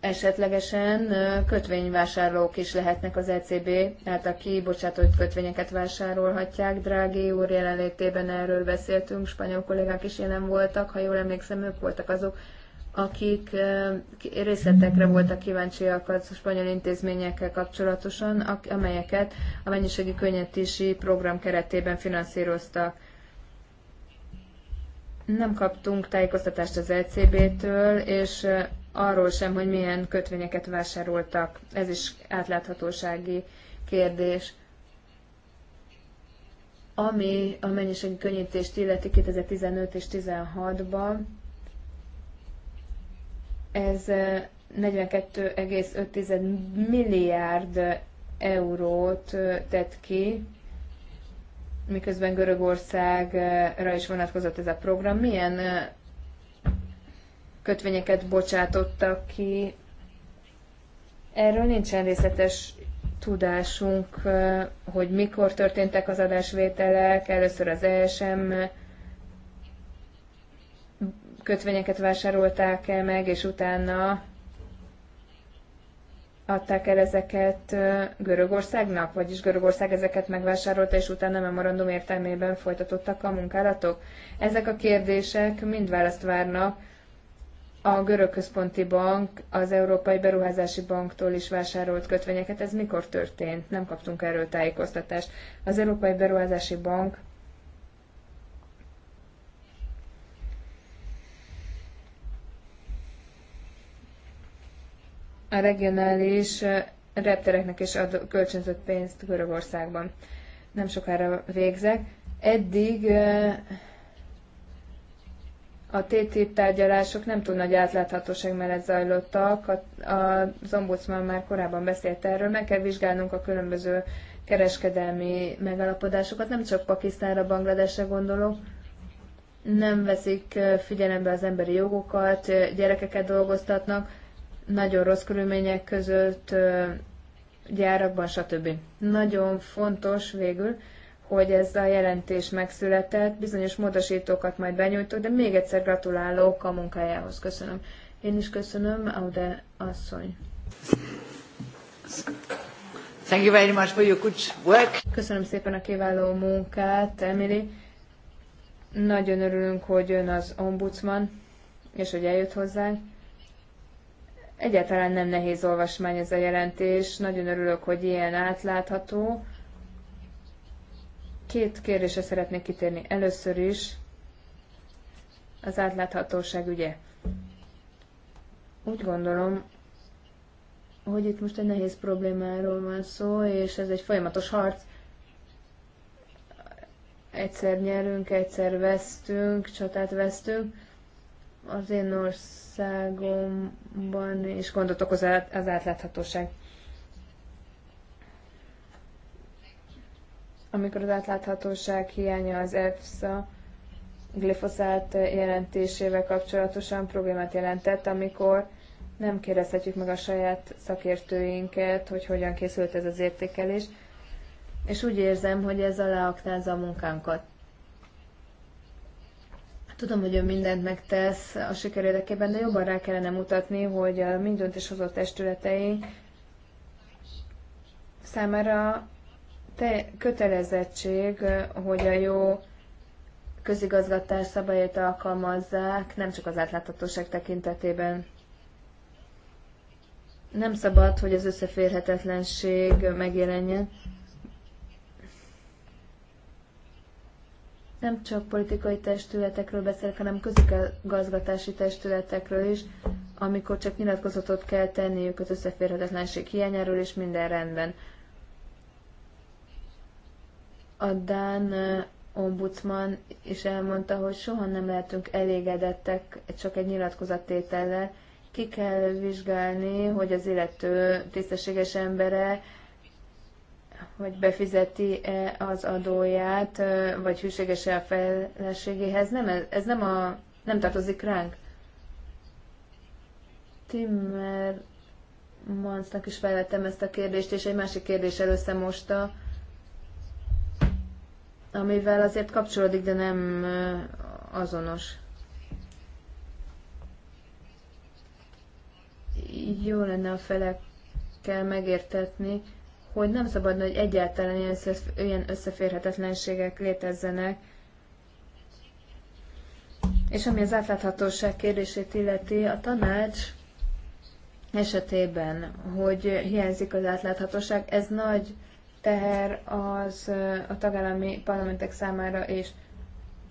esetlegesen kötvényvásárlók is lehetnek az ECB, tehát a kibocsátott kötvényeket vásárolhatják. Drági úr jelenlétében erről beszéltünk, spanyol kollégák is jelen voltak, ha jól emlékszem, ők voltak azok, akik részletekre voltak kíváncsiak a spanyol intézményekkel kapcsolatosan, amelyeket a mennyiségi könnyítési program keretében finanszíroztak. Nem kaptunk tájékoztatást az ECB-től, és arról sem, hogy milyen kötvényeket vásároltak. Ez is átláthatósági kérdés. Ami a mennyiségi könnyítést illeti 2015 és 2016-ban, ez 42,5 eh, milliárd eurót eh, tett ki, miközben Görögországra is vonatkozott ez a program. Milyen eh, kötvényeket bocsátottak ki. Erről nincsen részletes tudásunk, hogy mikor történtek az adásvételek, először az ESM kötvényeket vásárolták el meg, és utána adták el ezeket Görögországnak, vagyis Görögország ezeket megvásárolta, és utána memorandum értelmében folytatottak a munkálatok? Ezek a kérdések mind választ várnak a görög központi bank az Európai Beruházási Banktól is vásárolt kötvényeket. Ez mikor történt? Nem kaptunk erről tájékoztatást. Az Európai Beruházási Bank a regionális eh, reptereknek is ad kölcsönzött pénzt Görögországban. Nem sokára végzek. Eddig eh, a TTIP tárgyalások nem túl nagy átláthatóság mellett zajlottak, a, a, Zombudsman már korábban beszélt erről, meg kell vizsgálnunk a különböző kereskedelmi megalapodásokat, nem csak Pakisztánra, Bangladesre gondolok, nem veszik figyelembe az emberi jogokat, gyerekeket dolgoztatnak, nagyon rossz körülmények között, gyárakban, stb. Nagyon fontos végül, hogy ez a jelentés megszületett, bizonyos módosítókat majd benyújtok, de még egyszer gratulálok a munkájához. Köszönöm. Én is köszönöm, Aude asszony. Thank you very much for your good work. Köszönöm szépen a kiváló munkát, Emily. Nagyon örülünk, hogy ön az ombudsman, és hogy eljött hozzánk. Egyáltalán nem nehéz olvasmány ez a jelentés. Nagyon örülök, hogy ilyen átlátható Két kérdésre szeretnék kitérni. Először is az átláthatóság ügye. Úgy gondolom, hogy itt most egy nehéz problémáról van szó, és ez egy folyamatos harc. Egyszer nyerünk, egyszer vesztünk, csatát vesztünk. Az én országomban is gondot okoz az átláthatóság. amikor az átláthatóság hiánya az EFSA glifoszát jelentésével kapcsolatosan problémát jelentett, amikor nem kérdezhetjük meg a saját szakértőinket, hogy hogyan készült ez az értékelés, és úgy érzem, hogy ez aláaktázza a munkánkat. Tudom, hogy ő mindent megtesz a siker érdekében, de jobban rá kellene mutatni, hogy a mind döntéshozó testületeink számára te kötelezettség, hogy a jó közigazgatás szabályait alkalmazzák, nem csak az átláthatóság tekintetében. Nem szabad, hogy az összeférhetetlenség megjelenjen. Nem csak politikai testületekről beszélek, hanem közigazgatási testületekről is, amikor csak nyilatkozatot kell tenniük az összeférhetetlenség hiányáról, és minden rendben. A Dán ombudsman is elmondta, hogy soha nem lehetünk elégedettek csak egy nyilatkozattétellel. Ki kell vizsgálni, hogy az illető tisztességes embere vagy befizeti-e az adóját, vagy hűséges-e a feleségéhez. Nem, ez nem, a, nem tartozik ránk. Timmermansnak is felvettem ezt a kérdést, és egy másik kérdéssel összemosta, amivel azért kapcsolódik, de nem azonos. Jó lenne a felekkel megértetni, hogy nem szabadna, hogy egyáltalán ilyen, összeférhetetlenségek létezzenek. És ami az átláthatóság kérdését illeti, a tanács esetében, hogy hiányzik az átláthatóság, ez nagy teher az a tagállami parlamentek számára, és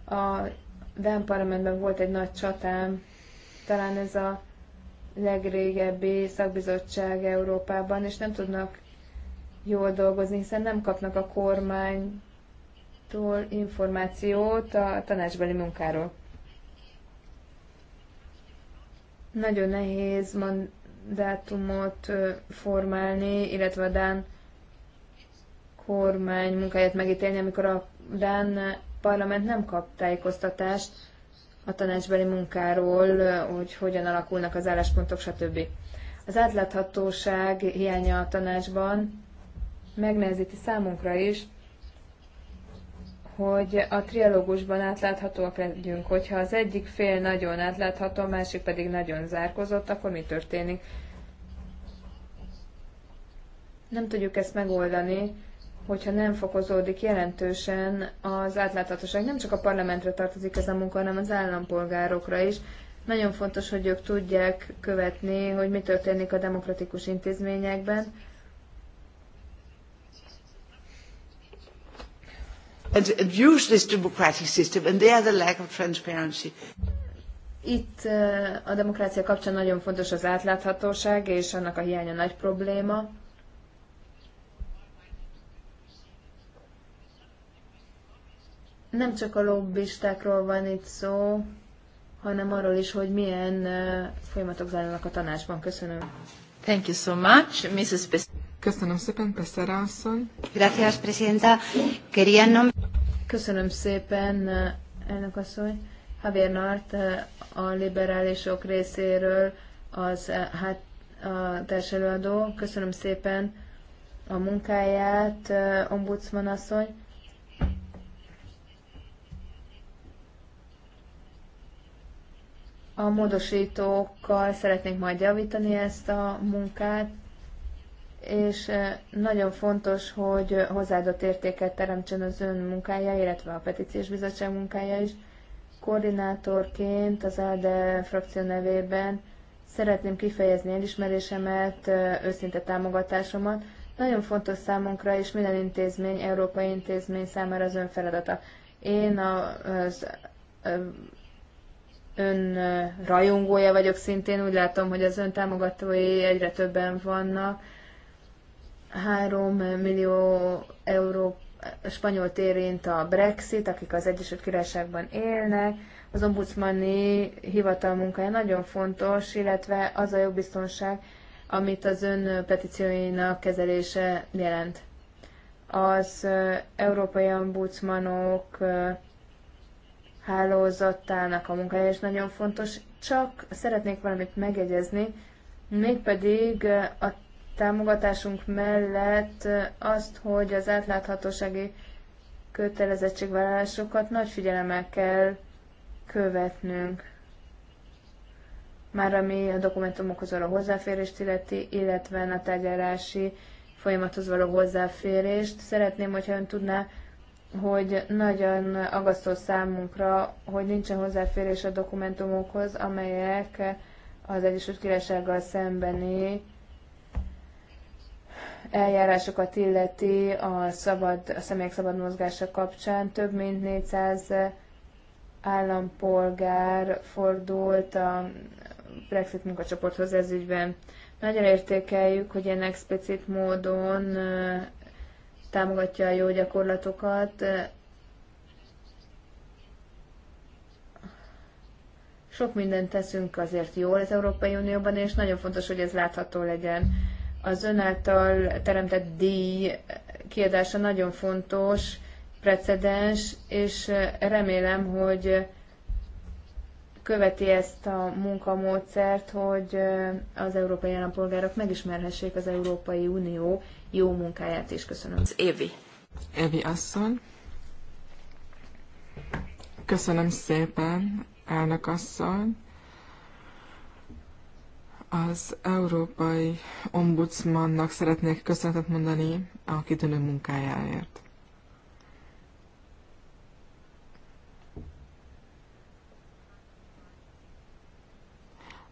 a Dán parlamentben volt egy nagy csatám, talán ez a legrégebbi szakbizottság Európában, és nem tudnak jól dolgozni, hiszen nem kapnak a kormánytól információt a tanácsbeli munkáról. Nagyon nehéz mandátumot formálni, illetve a Dán kormány munkáját megítélni, amikor a Dán parlament nem kap tájékoztatást a tanácsbeli munkáról, hogy hogyan alakulnak az álláspontok, stb. Az átláthatóság hiánya a tanácsban megnehezíti számunkra is, hogy a trialógusban átláthatóak legyünk. Hogyha az egyik fél nagyon átlátható, a másik pedig nagyon zárkozott, akkor mi történik? Nem tudjuk ezt megoldani, hogyha nem fokozódik jelentősen az átláthatóság. Nem csak a parlamentre tartozik ez a munka, hanem az állampolgárokra is. Nagyon fontos, hogy ők tudják követni, hogy mi történik a demokratikus intézményekben. And, and this democratic system, and there the lack of transparency. Itt eh, a demokrácia kapcsán nagyon fontos az átláthatóság, és annak a hiánya nagy probléma nem csak a lobbistákról van itt szó, hanem arról is, hogy milyen folyamatok zajlanak a tanácsban. Köszönöm. Thank you so much, Mrs. Pes Köszönöm szépen, Pesera asszony. Gracias, Presidenta. Querían nom Köszönöm szépen, elnök asszony. Javier Nart a liberálisok részéről az hát a társelőadó. Köszönöm szépen a munkáját, ombudsman asszony. A módosítókkal szeretnénk majd javítani ezt a munkát, és eh, nagyon fontos, hogy hozzáadott értéket teremtsen az ön munkája, illetve a petíciós bizottság munkája is. Koordinátorként az ALDE frakció nevében szeretném kifejezni elismerésemet, eh, őszinte támogatásomat. Nagyon fontos számunkra, és minden intézmény, európai intézmény számára az ön feladata. Én az eh, ön rajongója vagyok szintén, úgy látom, hogy az ön támogatói egyre többen vannak. 3 millió euró spanyol érint a Brexit, akik az Egyesült Királyságban élnek. Az ombudsmani hivatal munkája nagyon fontos, illetve az a jogbiztonság, amit az ön petícióinak kezelése jelent. Az európai ombudsmanok hálózatának a munkája is nagyon fontos, csak szeretnék valamit megegyezni, mégpedig a támogatásunk mellett azt, hogy az átláthatósági kötelezettségvállalásokat nagy figyelemmel kell követnünk. Már ami a dokumentumokhoz való hozzáférést illeti, illetve a tárgyalási folyamathoz való hozzáférést. Szeretném, hogyha ön tudná hogy nagyon agasztó számunkra, hogy nincsen hozzáférés a dokumentumokhoz, amelyek az Egyesült Királysággal szembeni eljárásokat illeti a, szabad, a személyek szabad mozgása kapcsán. Több mint 400 állampolgár fordult a Brexit munkacsoporthoz ez ügyben. Nagyon értékeljük, hogy ilyen explicit módon támogatja a jó gyakorlatokat. Sok mindent teszünk azért jól az Európai Unióban, és nagyon fontos, hogy ez látható legyen. Az ön által teremtett díj kiadása nagyon fontos, precedens, és remélem, hogy követi ezt a munkamódszert, hogy az európai állampolgárok megismerhessék az Európai Unió jó munkáját is. Köszönöm. Évi. Évi asszony. Köszönöm szépen, elnök asszony. Az Európai Ombudsmannak szeretnék köszönetet mondani a kitűnő munkájáért.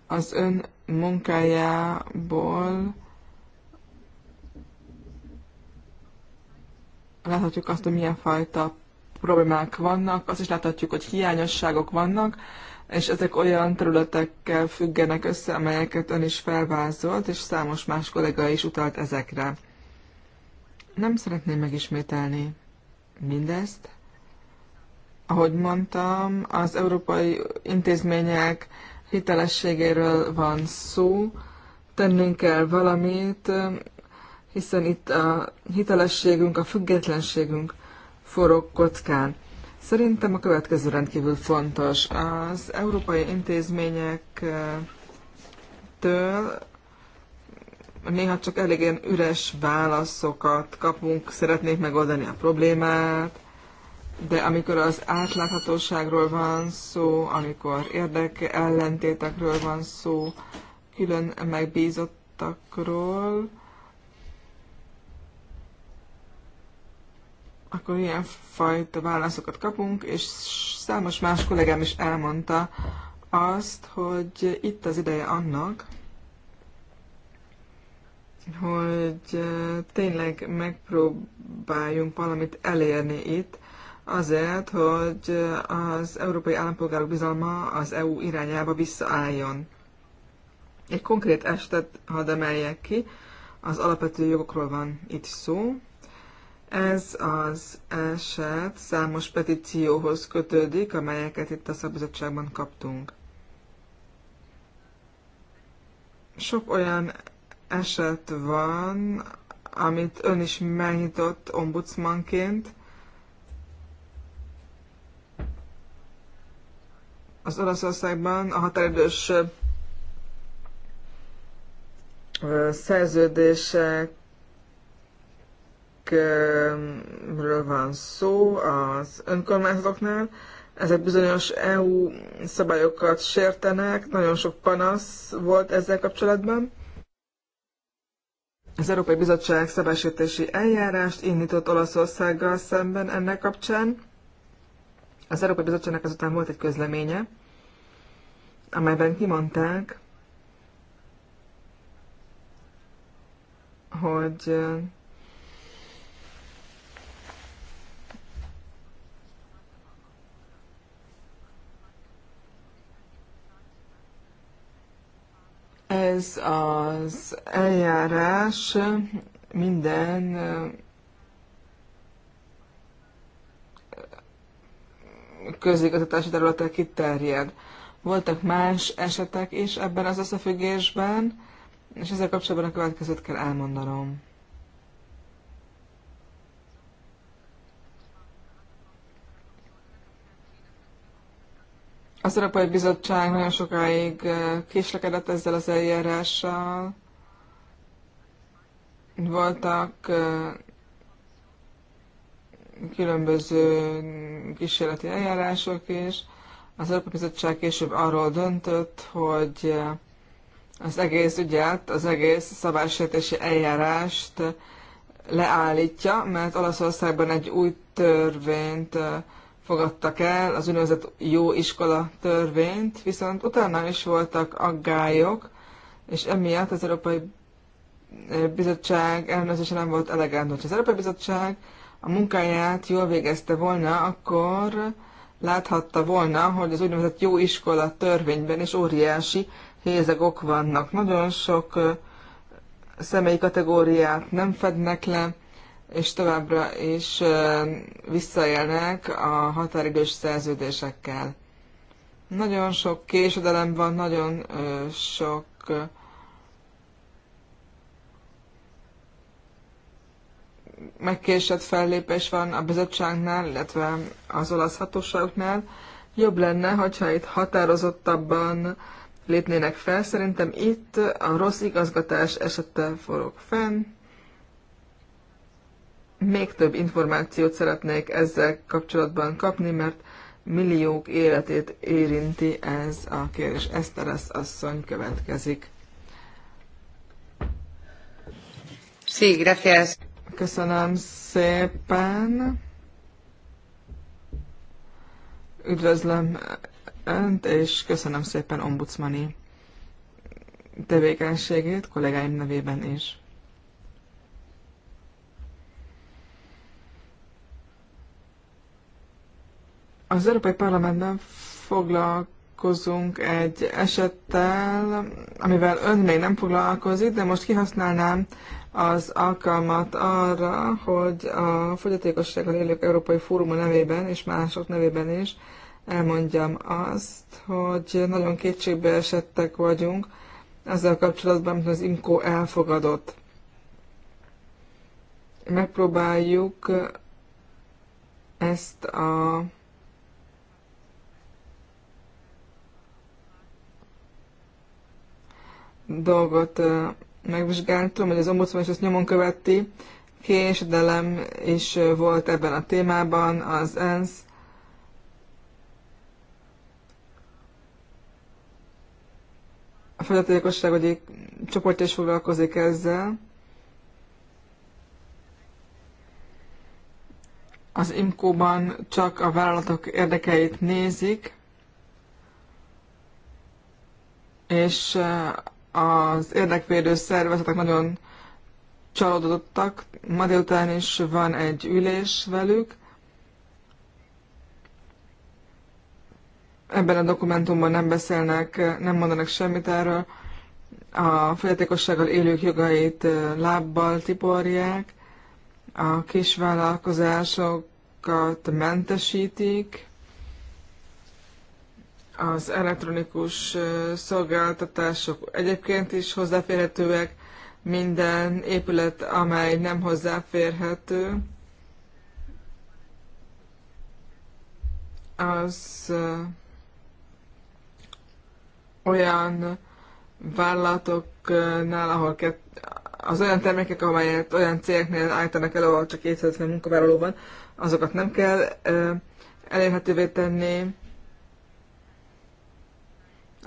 Az ön munkájából láthatjuk azt, hogy milyen fajta problémák vannak, azt is láthatjuk, hogy hiányosságok vannak, és ezek olyan területekkel függenek össze, amelyeket ön is felvázolt, és számos más kollega is utalt ezekre. Nem szeretném megismételni mindezt. Ahogy mondtam, az európai intézmények hitelességéről van szó, tennünk kell valamit, hiszen itt a hitelességünk, a függetlenségünk forog kockán. Szerintem a következő rendkívül fontos. Az európai intézményektől néha csak elég ilyen üres válaszokat kapunk, szeretnék megoldani a problémát, de amikor az átláthatóságról van szó, amikor érdek ellentétekről van szó, külön megbízottakról, akkor ilyen fajta válaszokat kapunk, és számos más kollégám is elmondta azt, hogy itt az ideje annak, hogy tényleg megpróbáljunk valamit elérni itt, azért, hogy az európai állampolgárok bizalma az EU irányába visszaálljon. Egy konkrét estet hadd emeljek ki, az alapvető jogokról van itt szó, ez az eset számos petícióhoz kötődik, amelyeket itt a szabadságban kaptunk. Sok olyan eset van, amit ön is megnyitott ombudsmanként. Az Olaszországban a határidős szerződések ről van szó az önkormányzatoknál. Ezek bizonyos EU szabályokat sértenek, nagyon sok panasz volt ezzel kapcsolatban. Az Európai Bizottság szabálysértési eljárást indított Olaszországgal szemben ennek kapcsán. Az Európai Bizottságnak azután volt egy közleménye, amelyben kimondták, hogy Ez az eljárás minden közigazgatási területre kiterjed. Voltak más esetek is ebben az összefüggésben, és ezzel kapcsolatban a következőt kell elmondanom. Az Európai Bizottság nagyon sokáig késlekedett ezzel az eljárással. Voltak különböző kísérleti eljárások is. Az Európai Bizottság később arról döntött, hogy az egész ügyet, az egész szabálysértési eljárást leállítja, mert Olaszországban egy új törvényt fogadtak el az úgynevezett jó iskola törvényt, viszont utána is voltak aggályok, és emiatt az Európai eh, Bizottság elnözése nem volt elegendő. Ha az Európai Bizottság a munkáját jól végezte volna, akkor láthatta volna, hogy az úgynevezett jó iskola törvényben is óriási hézegok vannak. Nagyon sok eh, személyi kategóriát nem fednek le, és továbbra is visszaélnek a határidős szerződésekkel. Nagyon sok késedelem van, nagyon sok megkésett fellépés van a bizottságnál, illetve az olasz hatóságoknál. Jobb lenne, hogyha itt határozottabban lépnének fel. Szerintem itt a rossz igazgatás esete forog fenn még több információt szeretnék ezzel kapcsolatban kapni, mert milliók életét érinti ez a kérdés. Eszteres asszony következik. Sí, gracias. Köszönöm szépen. Üdvözlöm Önt, és köszönöm szépen ombudsmani tevékenységét kollégáim nevében is. Az Európai Parlamentben foglalkozunk egy esettel, amivel ön még nem foglalkozik, de most kihasználnám az alkalmat arra, hogy a Fogyatékossággal élők Európai Fórum nevében és mások nevében is elmondjam azt, hogy nagyon kétségbe esettek vagyunk ezzel kapcsolatban, amit az IMCO elfogadott. Megpróbáljuk ezt a dolgot megvizsgáltam, hogy az ombudsman is ezt nyomon követi. Késedelem is volt ebben a témában, az ENSZ a fogyatékosságügyi csoportja is foglalkozik ezzel. Az IMCO-ban csak a vállalatok érdekeit nézik, és az érdekvédő szervezetek nagyon csalódottak. Ma délután is van egy ülés velük. Ebben a dokumentumban nem beszélnek, nem mondanak semmit erről. A fogyatékossággal élők jogait lábbal tiporják, a kisvállalkozásokat mentesítik, az elektronikus szolgáltatások egyébként is hozzáférhetőek, minden épület, amely nem hozzáférhető, az olyan vállalatoknál, ahol kett, az olyan termékek, amelyet olyan cégeknél állítanak elő, ahol csak 250 munkavállaló van, azokat nem kell elérhetővé tenni,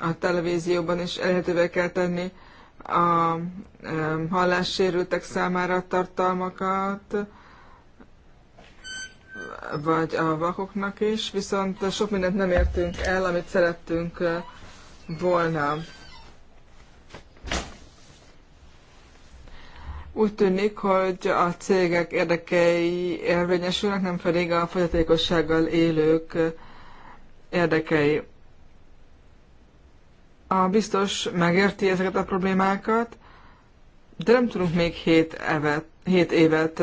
a televízióban is elérhetővé kell tenni a hallássérültek számára a tartalmakat, vagy a vakoknak is, viszont sok mindent nem értünk el, amit szerettünk volna. Úgy tűnik, hogy a cégek érdekei érvényesülnek, nem pedig a fogyatékossággal élők érdekei. A biztos megérti ezeket a problémákat, de nem tudunk még 7 évet, 7 évet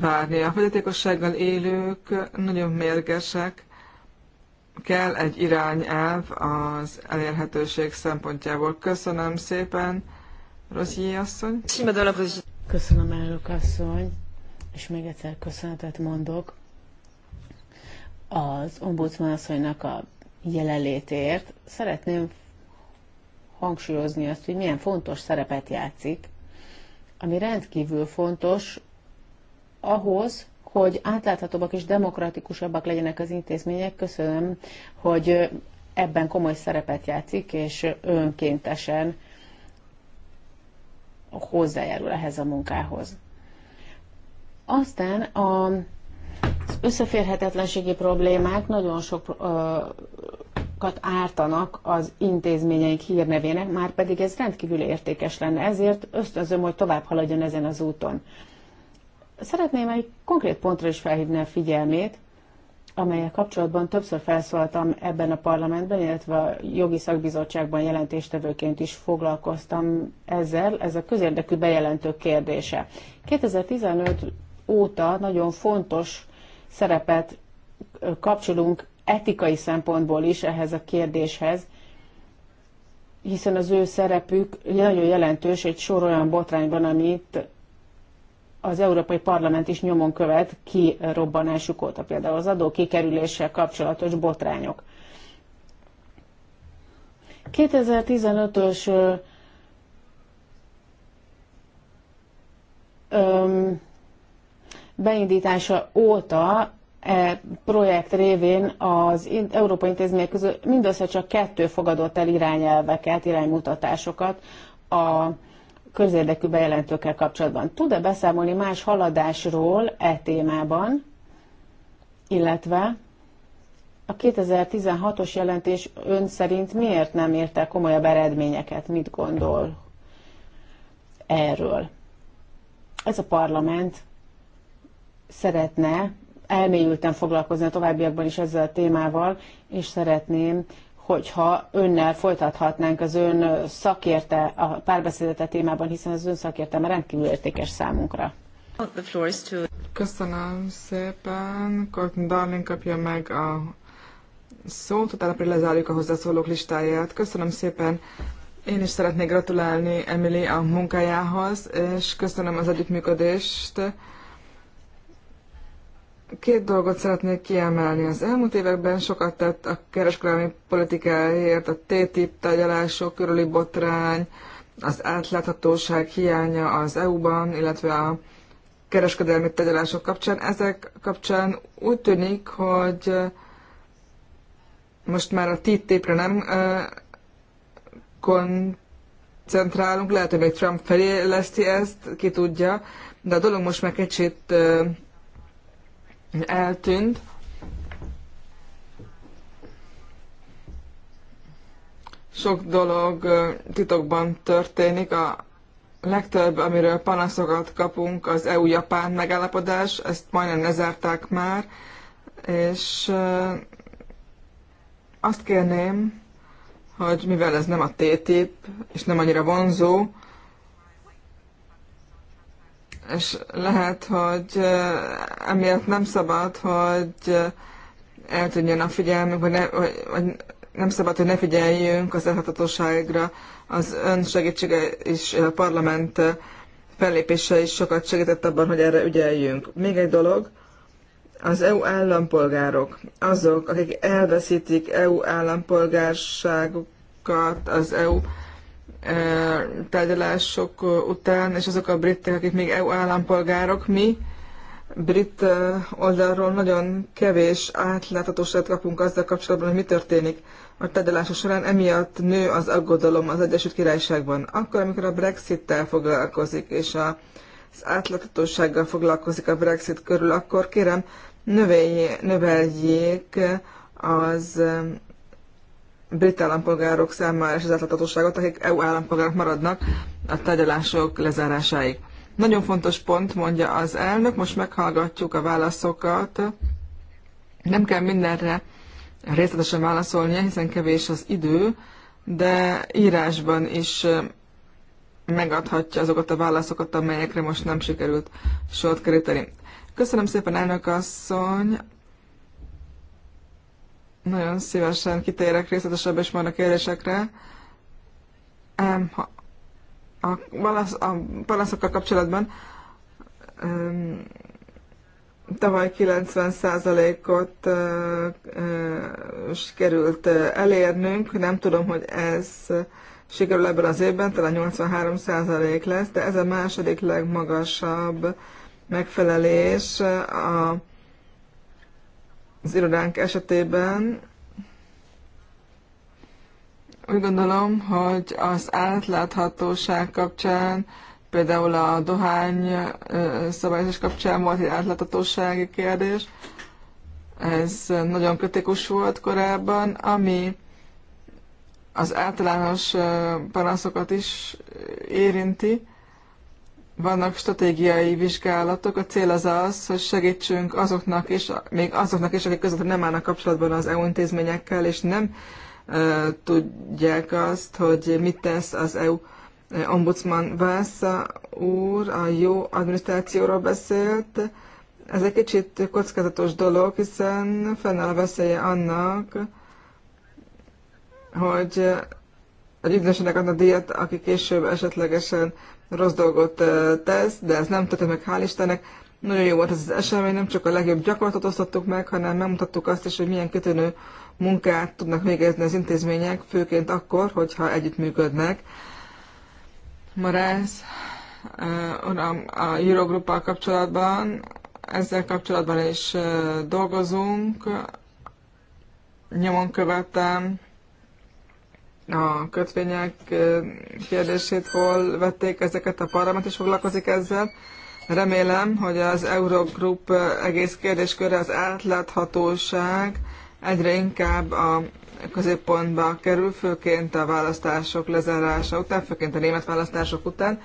várni. A fogyatékossággal élők nagyon mérgesek, kell egy irányelv az elérhetőség szempontjából. Köszönöm szépen, Rozi asszony. Köszönöm, elnök asszony, és még egyszer köszönetet mondok az ombudsman asszonynak a jelenlétért, Szeretném hangsúlyozni azt, hogy milyen fontos szerepet játszik, ami rendkívül fontos ahhoz, hogy átláthatóbbak és demokratikusabbak legyenek az intézmények. Köszönöm, hogy ebben komoly szerepet játszik, és önkéntesen hozzájárul ehhez a munkához. Aztán a összeférhetetlenségi problémák nagyon sokat ártanak az intézményeink hírnevének, már pedig ez rendkívül értékes lenne, ezért ösztönzöm, hogy tovább haladjon ezen az úton. Szeretném egy konkrét pontra is felhívni a figyelmét, amelyek kapcsolatban többször felszóltam ebben a parlamentben, illetve a jogi szakbizottságban jelentéstevőként is foglalkoztam ezzel, ez a közérdekű bejelentők kérdése. 2015 óta nagyon fontos szerepet kapcsolunk etikai szempontból is ehhez a kérdéshez, hiszen az ő szerepük nagyon jelentős egy sor olyan botrányban, amit az Európai Parlament is nyomon követ ki robbanásuk óta, például az adó kikerüléssel kapcsolatos botrányok. 2015-ös beindítása óta e projekt révén az Európai Intézmények közül mindössze csak kettő fogadott el irányelveket, iránymutatásokat a közérdekű bejelentőkkel kapcsolatban. Tud-e beszámolni más haladásról e témában, illetve a 2016-os jelentés ön szerint miért nem érte komolyabb eredményeket? Mit gondol erről? Ez a parlament szeretne elmélyülten foglalkozni a továbbiakban is ezzel a témával, és szeretném, hogyha önnel folytathatnánk az ön szakérte, a párbeszédet a témában, hiszen az ön szakértelme rendkívül értékes számunkra. Köszönöm szépen. Courtney Darling kapja meg a szót, utána pedig lezárjuk a hozzászólók listáját. Köszönöm szépen. Én is szeretnék gratulálni Emily a munkájához, és köszönöm az együttműködést Két dolgot szeretnék kiemelni. Az elmúlt években sokat tett a kereskedelmi politikáért, a TTIP tagyalások körüli botrány, az átláthatóság hiánya az EU-ban, illetve a kereskedelmi tagyalások kapcsán. Ezek kapcsán úgy tűnik, hogy most már a TTIP-re nem koncentrálunk, lehet, hogy még Trump felé leszti ezt, ki tudja, de a dolog most már kicsit eltűnt. Sok dolog titokban történik. A legtöbb, amiről panaszokat kapunk, az EU-Japán megállapodás, ezt majdnem lezárták már, és azt kérném, hogy mivel ez nem a TTIP, és nem annyira vonzó, és lehet, hogy emiatt nem szabad, hogy eltűnjön a figyelmünk, vagy, ne, vagy, vagy nem szabad, hogy ne figyeljünk az elhatatosságra. Az ön segítsége és a parlament fellépése is sokat segített abban, hogy erre ügyeljünk. Még egy dolog, az EU állampolgárok, azok, akik elveszítik EU állampolgárságukat az EU tárgyalások után, és azok a britek, akik még EU állampolgárok, mi brit oldalról nagyon kevés átláthatóságot kapunk azzal kapcsolatban, hogy mi történik a tárgyalások során, emiatt nő az aggodalom az Egyesült Királyságban. Akkor, amikor a Brexit-tel foglalkozik, és a, az átláthatósággal foglalkozik a Brexit körül, akkor kérem, növeljék az brit állampolgárok számára és az átláthatóságot, akik EU állampolgárok maradnak a tárgyalások lezárásáig. Nagyon fontos pont, mondja az elnök, most meghallgatjuk a válaszokat. Nem kell mindenre részletesen válaszolni, hiszen kevés az idő, de írásban is megadhatja azokat a válaszokat, amelyekre most nem sikerült sort keríteni. Köszönöm szépen, elnök asszony! nagyon szívesen kitérek részletesebb és majd a kérdésekre. Um, ha, a, balasz, a balaszokkal kapcsolatban um, tavaly 90%-ot uh, uh, került elérnünk. Nem tudom, hogy ez sikerül ebben az évben, talán 83% lesz, de ez a második legmagasabb megfelelés a az irodánk esetében. Úgy gondolom, hogy az átláthatóság kapcsán, például a dohány szabályozás kapcsán volt egy átláthatósági kérdés. Ez nagyon kritikus volt korábban, ami az általános panaszokat is érinti vannak stratégiai vizsgálatok. A cél az az, hogy segítsünk azoknak is, még azoknak is, akik között nem állnak kapcsolatban az EU intézményekkel, és nem e, tudják azt, hogy mit tesz az EU ombudsman Vásza úr, a jó adminisztrációról beszélt. Ez egy kicsit kockázatos dolog, hiszen fennáll a veszélye annak, hogy hogy üdvösenek adna díjat, aki később esetlegesen rossz dolgot tesz, de ez nem tette meg, hál' Istennek. Nagyon jó volt ez az esemény, nem csak a legjobb gyakorlatot osztottuk meg, hanem megmutattuk azt is, hogy milyen kötönő munkát tudnak végezni az intézmények, főként akkor, hogyha együttműködnek. Marász, uram, a Eurogruppal kapcsolatban, ezzel kapcsolatban is dolgozunk, nyomon követem a kötvények kérdését hol vették ezeket, a parlament és foglalkozik ezzel. Remélem, hogy az Eurogroup egész kérdésköre az átláthatóság egyre inkább a középpontba kerül, főként a választások lezárása után, főként a német választások után.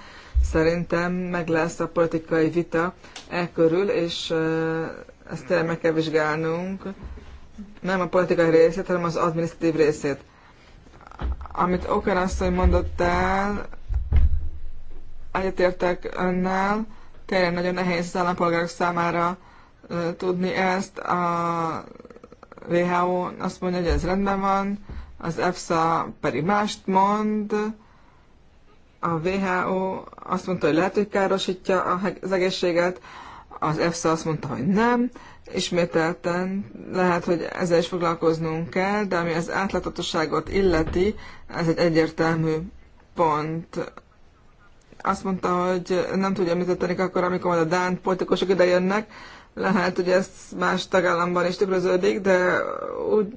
Szerintem meg lesz a politikai vita e körül, és ezt tényleg meg kell vizsgálnunk. Nem a politikai részét, hanem az adminisztratív részét. Amit Oken asszony mondott el, egyetértek önnel, tényleg nagyon nehéz az állampolgárok számára tudni ezt. A WHO azt mondja, hogy ez rendben van, az EFSA pedig mást mond, a WHO azt mondta, hogy lehet, hogy károsítja az egészséget, az EFSA azt mondta, hogy nem, ismételten lehet, hogy ezzel is foglalkoznunk kell, de ami az átláthatóságot illeti, ez egy egyértelmű pont. Azt mondta, hogy nem tudja, mit tenni akkor, amikor majd a Dán politikusok ide jönnek. Lehet, hogy ez más tagállamban is tükröződik, de úgy...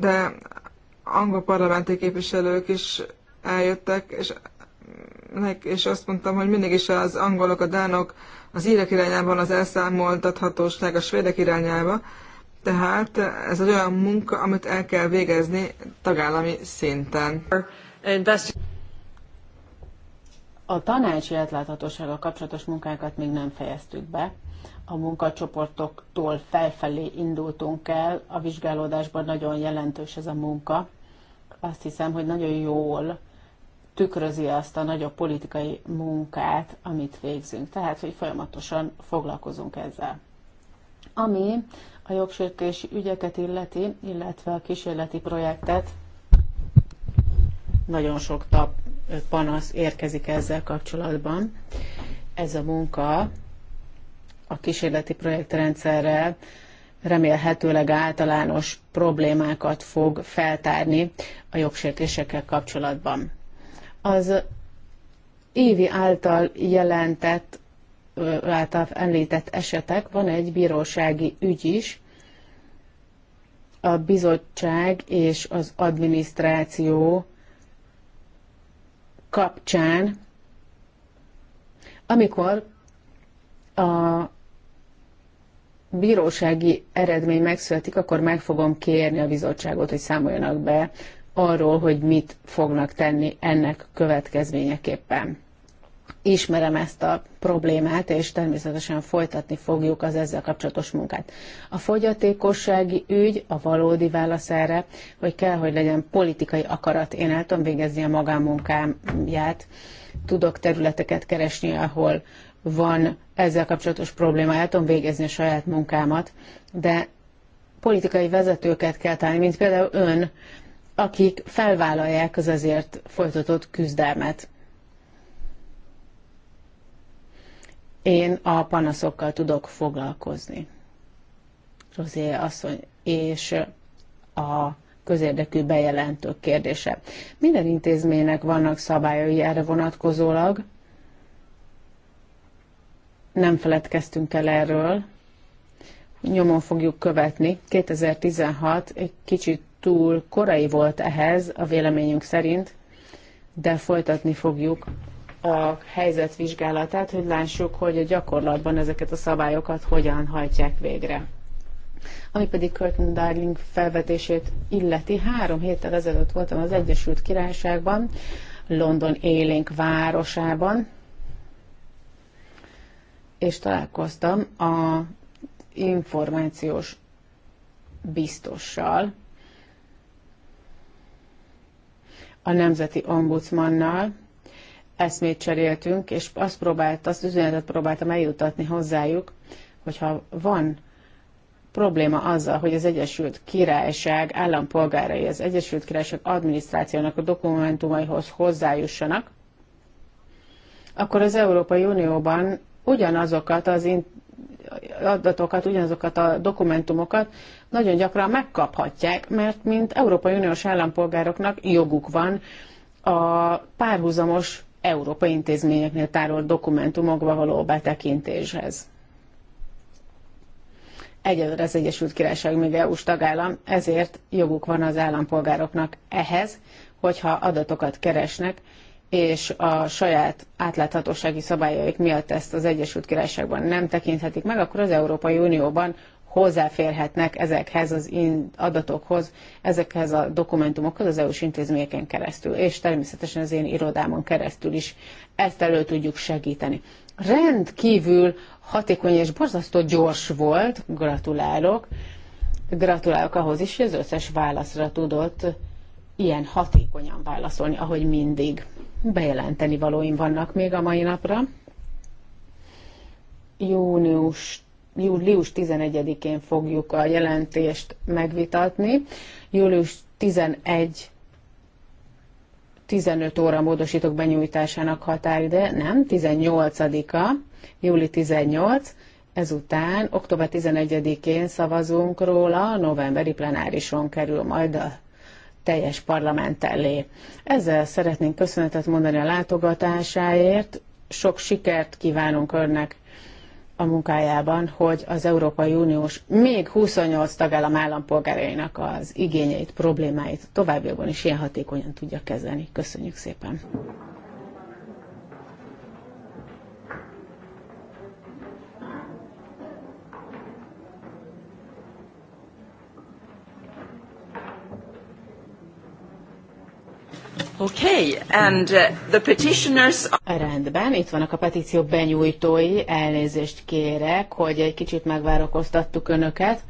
De angol parlamenti képviselők is eljöttek, és nek, és azt mondtam, hogy mindig is az angolok, a dánok, az írek irányában az elszámoltathatóság a svédek irányába, tehát ez egy olyan munka, amit el kell végezni tagállami szinten. A tanácsi átláthatósággal kapcsolatos munkákat még nem fejeztük be. A munkacsoportoktól felfelé indultunk el, a vizsgálódásban nagyon jelentős ez a munka. Azt hiszem, hogy nagyon jól tükrözi azt a nagyobb politikai munkát, amit végzünk. Tehát, hogy folyamatosan foglalkozunk ezzel. Ami a jogsértési ügyeket illeti, illetve a kísérleti projektet, nagyon sok tap, panasz érkezik ezzel kapcsolatban. Ez a munka a kísérleti projektrendszerrel remélhetőleg általános problémákat fog feltárni a jogsértésekkel kapcsolatban az évi által jelentett, által említett esetek, van egy bírósági ügy is, a bizottság és az adminisztráció kapcsán, amikor a bírósági eredmény megszületik, akkor meg fogom kérni a bizottságot, hogy számoljanak be arról, hogy mit fognak tenni ennek következményeképpen. Ismerem ezt a problémát, és természetesen folytatni fogjuk az ezzel kapcsolatos munkát. A fogyatékossági ügy a valódi válasz erre, hogy kell, hogy legyen politikai akarat. Én el tudom végezni a magámunkámját, tudok területeket keresni, ahol van ezzel kapcsolatos probléma, el tudom végezni a saját munkámat, de politikai vezetőket kell találni, mint például ön, akik felvállalják az azért folytatott küzdelmet. Én a panaszokkal tudok foglalkozni. Rozé asszony, és a közérdekű bejelentők kérdése. Minden intézménynek vannak szabályai erre vonatkozólag. Nem feledkeztünk el erről. Nyomon fogjuk követni. 2016 egy kicsit túl korai volt ehhez a véleményünk szerint, de folytatni fogjuk a helyzetvizsgálatát, hogy lássuk, hogy a gyakorlatban ezeket a szabályokat hogyan hajtják végre. Ami pedig Curtin Darling felvetését illeti, három héttel ezelőtt voltam az Egyesült Királyságban, London élénk városában, és találkoztam a információs biztossal, a Nemzeti Ombudsmannal, eszmét cseréltünk, és azt próbált, azt üzenetet próbáltam eljutatni hozzájuk, hogyha van probléma azzal, hogy az Egyesült Királyság állampolgárai, az Egyesült Királyság adminisztrációnak a dokumentumaihoz hozzájussanak, akkor az Európai Unióban ugyanazokat az adatokat, ugyanazokat a dokumentumokat nagyon gyakran megkaphatják, mert mint Európai Uniós állampolgároknak joguk van a párhuzamos európai intézményeknél tárolt dokumentumokba való betekintéshez. Egyedül az Egyesült Királyság még EU-s tagállam, ezért joguk van az állampolgároknak ehhez, hogyha adatokat keresnek, és a saját átláthatósági szabályaik miatt ezt az Egyesült Királyságban nem tekinthetik meg, akkor az Európai Unióban hozzáférhetnek ezekhez az adatokhoz, ezekhez a dokumentumokhoz az EU-s intézményeken keresztül, és természetesen az én irodámon keresztül is ezt elő tudjuk segíteni. Rendkívül hatékony és borzasztó gyors volt, gratulálok. Gratulálok ahhoz is, hogy az összes válaszra tudott ilyen hatékonyan válaszolni, ahogy mindig. Bejelenteni valóim vannak még a mai napra. Június július 11-én fogjuk a jelentést megvitatni. Július 11 15 óra módosítók benyújtásának határide, nem, 18-a, júli 18, ezután október 11-én szavazunk róla, novemberi plenárison kerül majd a teljes parlament elé. Ezzel szeretnénk köszönetet mondani a látogatásáért, sok sikert kívánunk önnek a munkájában, hogy az Európai Uniós még 28 tagállam állampolgárainak az igényeit, problémáit továbbiakban is ilyen hatékonyan tudja kezelni. Köszönjük szépen! Okay, and uh, the petitioners... Rendben, itt vannak a petíció benyújtói, elnézést kérek, hogy egy kicsit megvárakoztattuk önöket,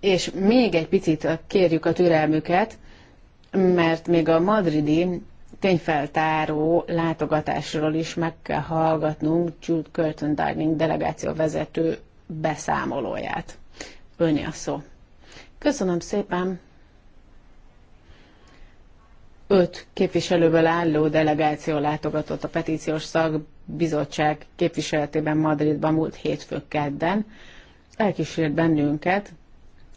és még egy picit kérjük a türelmüket, mert még a madridi tényfeltáró látogatásról is meg kell hallgatnunk Jude Curtin Darling delegáció vezető beszámolóját. Öni a szó. Köszönöm szépen! öt képviselőből álló delegáció látogatott a petíciós szakbizottság képviseletében Madridban múlt hétfő kedden. Elkísért bennünket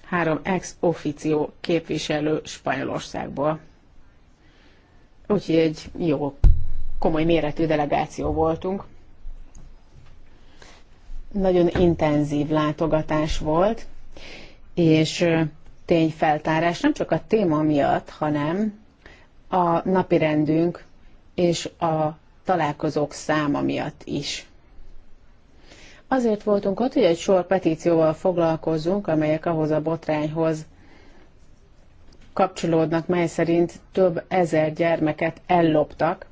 három ex-officio képviselő Spanyolországból. Úgyhogy egy jó, komoly méretű delegáció voltunk. Nagyon intenzív látogatás volt, és tényfeltárás nem csak a téma miatt, hanem a napirendünk és a találkozók száma miatt is. Azért voltunk ott, hogy egy sor petícióval foglalkozzunk, amelyek ahhoz a botrányhoz kapcsolódnak, mely szerint több ezer gyermeket elloptak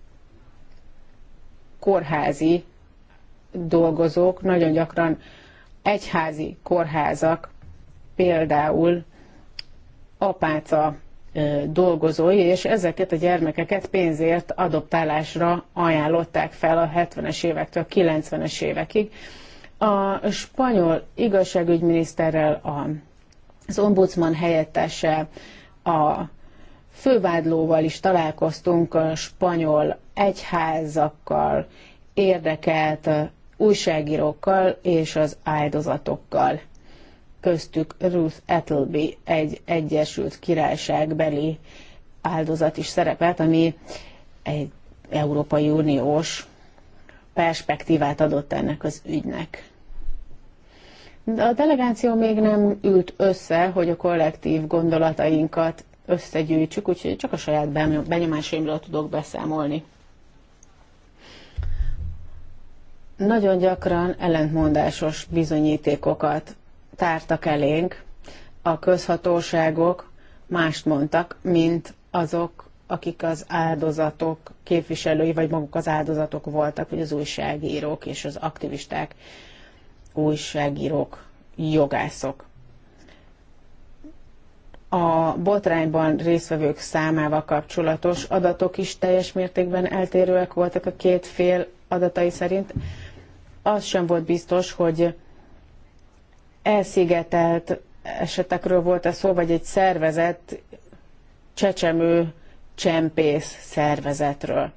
kórházi dolgozók, nagyon gyakran egyházi kórházak, például apáca dolgozói, és ezeket a gyermekeket pénzért adoptálásra ajánlották fel a 70-es évektől 90-es évekig. A spanyol igazságügyminiszterrel, az ombudsman helyettese, a fővádlóval is találkoztunk, a spanyol egyházakkal, érdekelt újságírókkal és az áldozatokkal köztük Ruth Ettleby, egy Egyesült Királyságbeli áldozat is szerepelt, ami egy Európai Uniós perspektívát adott ennek az ügynek. De a delegáció még nem ült össze, hogy a kollektív gondolatainkat összegyűjtsük, úgyhogy csak a saját benyomásaimról tudok beszámolni. Nagyon gyakran ellentmondásos bizonyítékokat tártak elénk, a közhatóságok mást mondtak, mint azok, akik az áldozatok képviselői, vagy maguk az áldozatok voltak, vagy az újságírók és az aktivisták, újságírók, jogászok. A botrányban résztvevők számával kapcsolatos adatok is teljes mértékben eltérőek voltak a két fél adatai szerint. Az sem volt biztos, hogy elszigetelt esetekről volt ez szó, vagy egy szervezet, csecsemő, csempész szervezetről.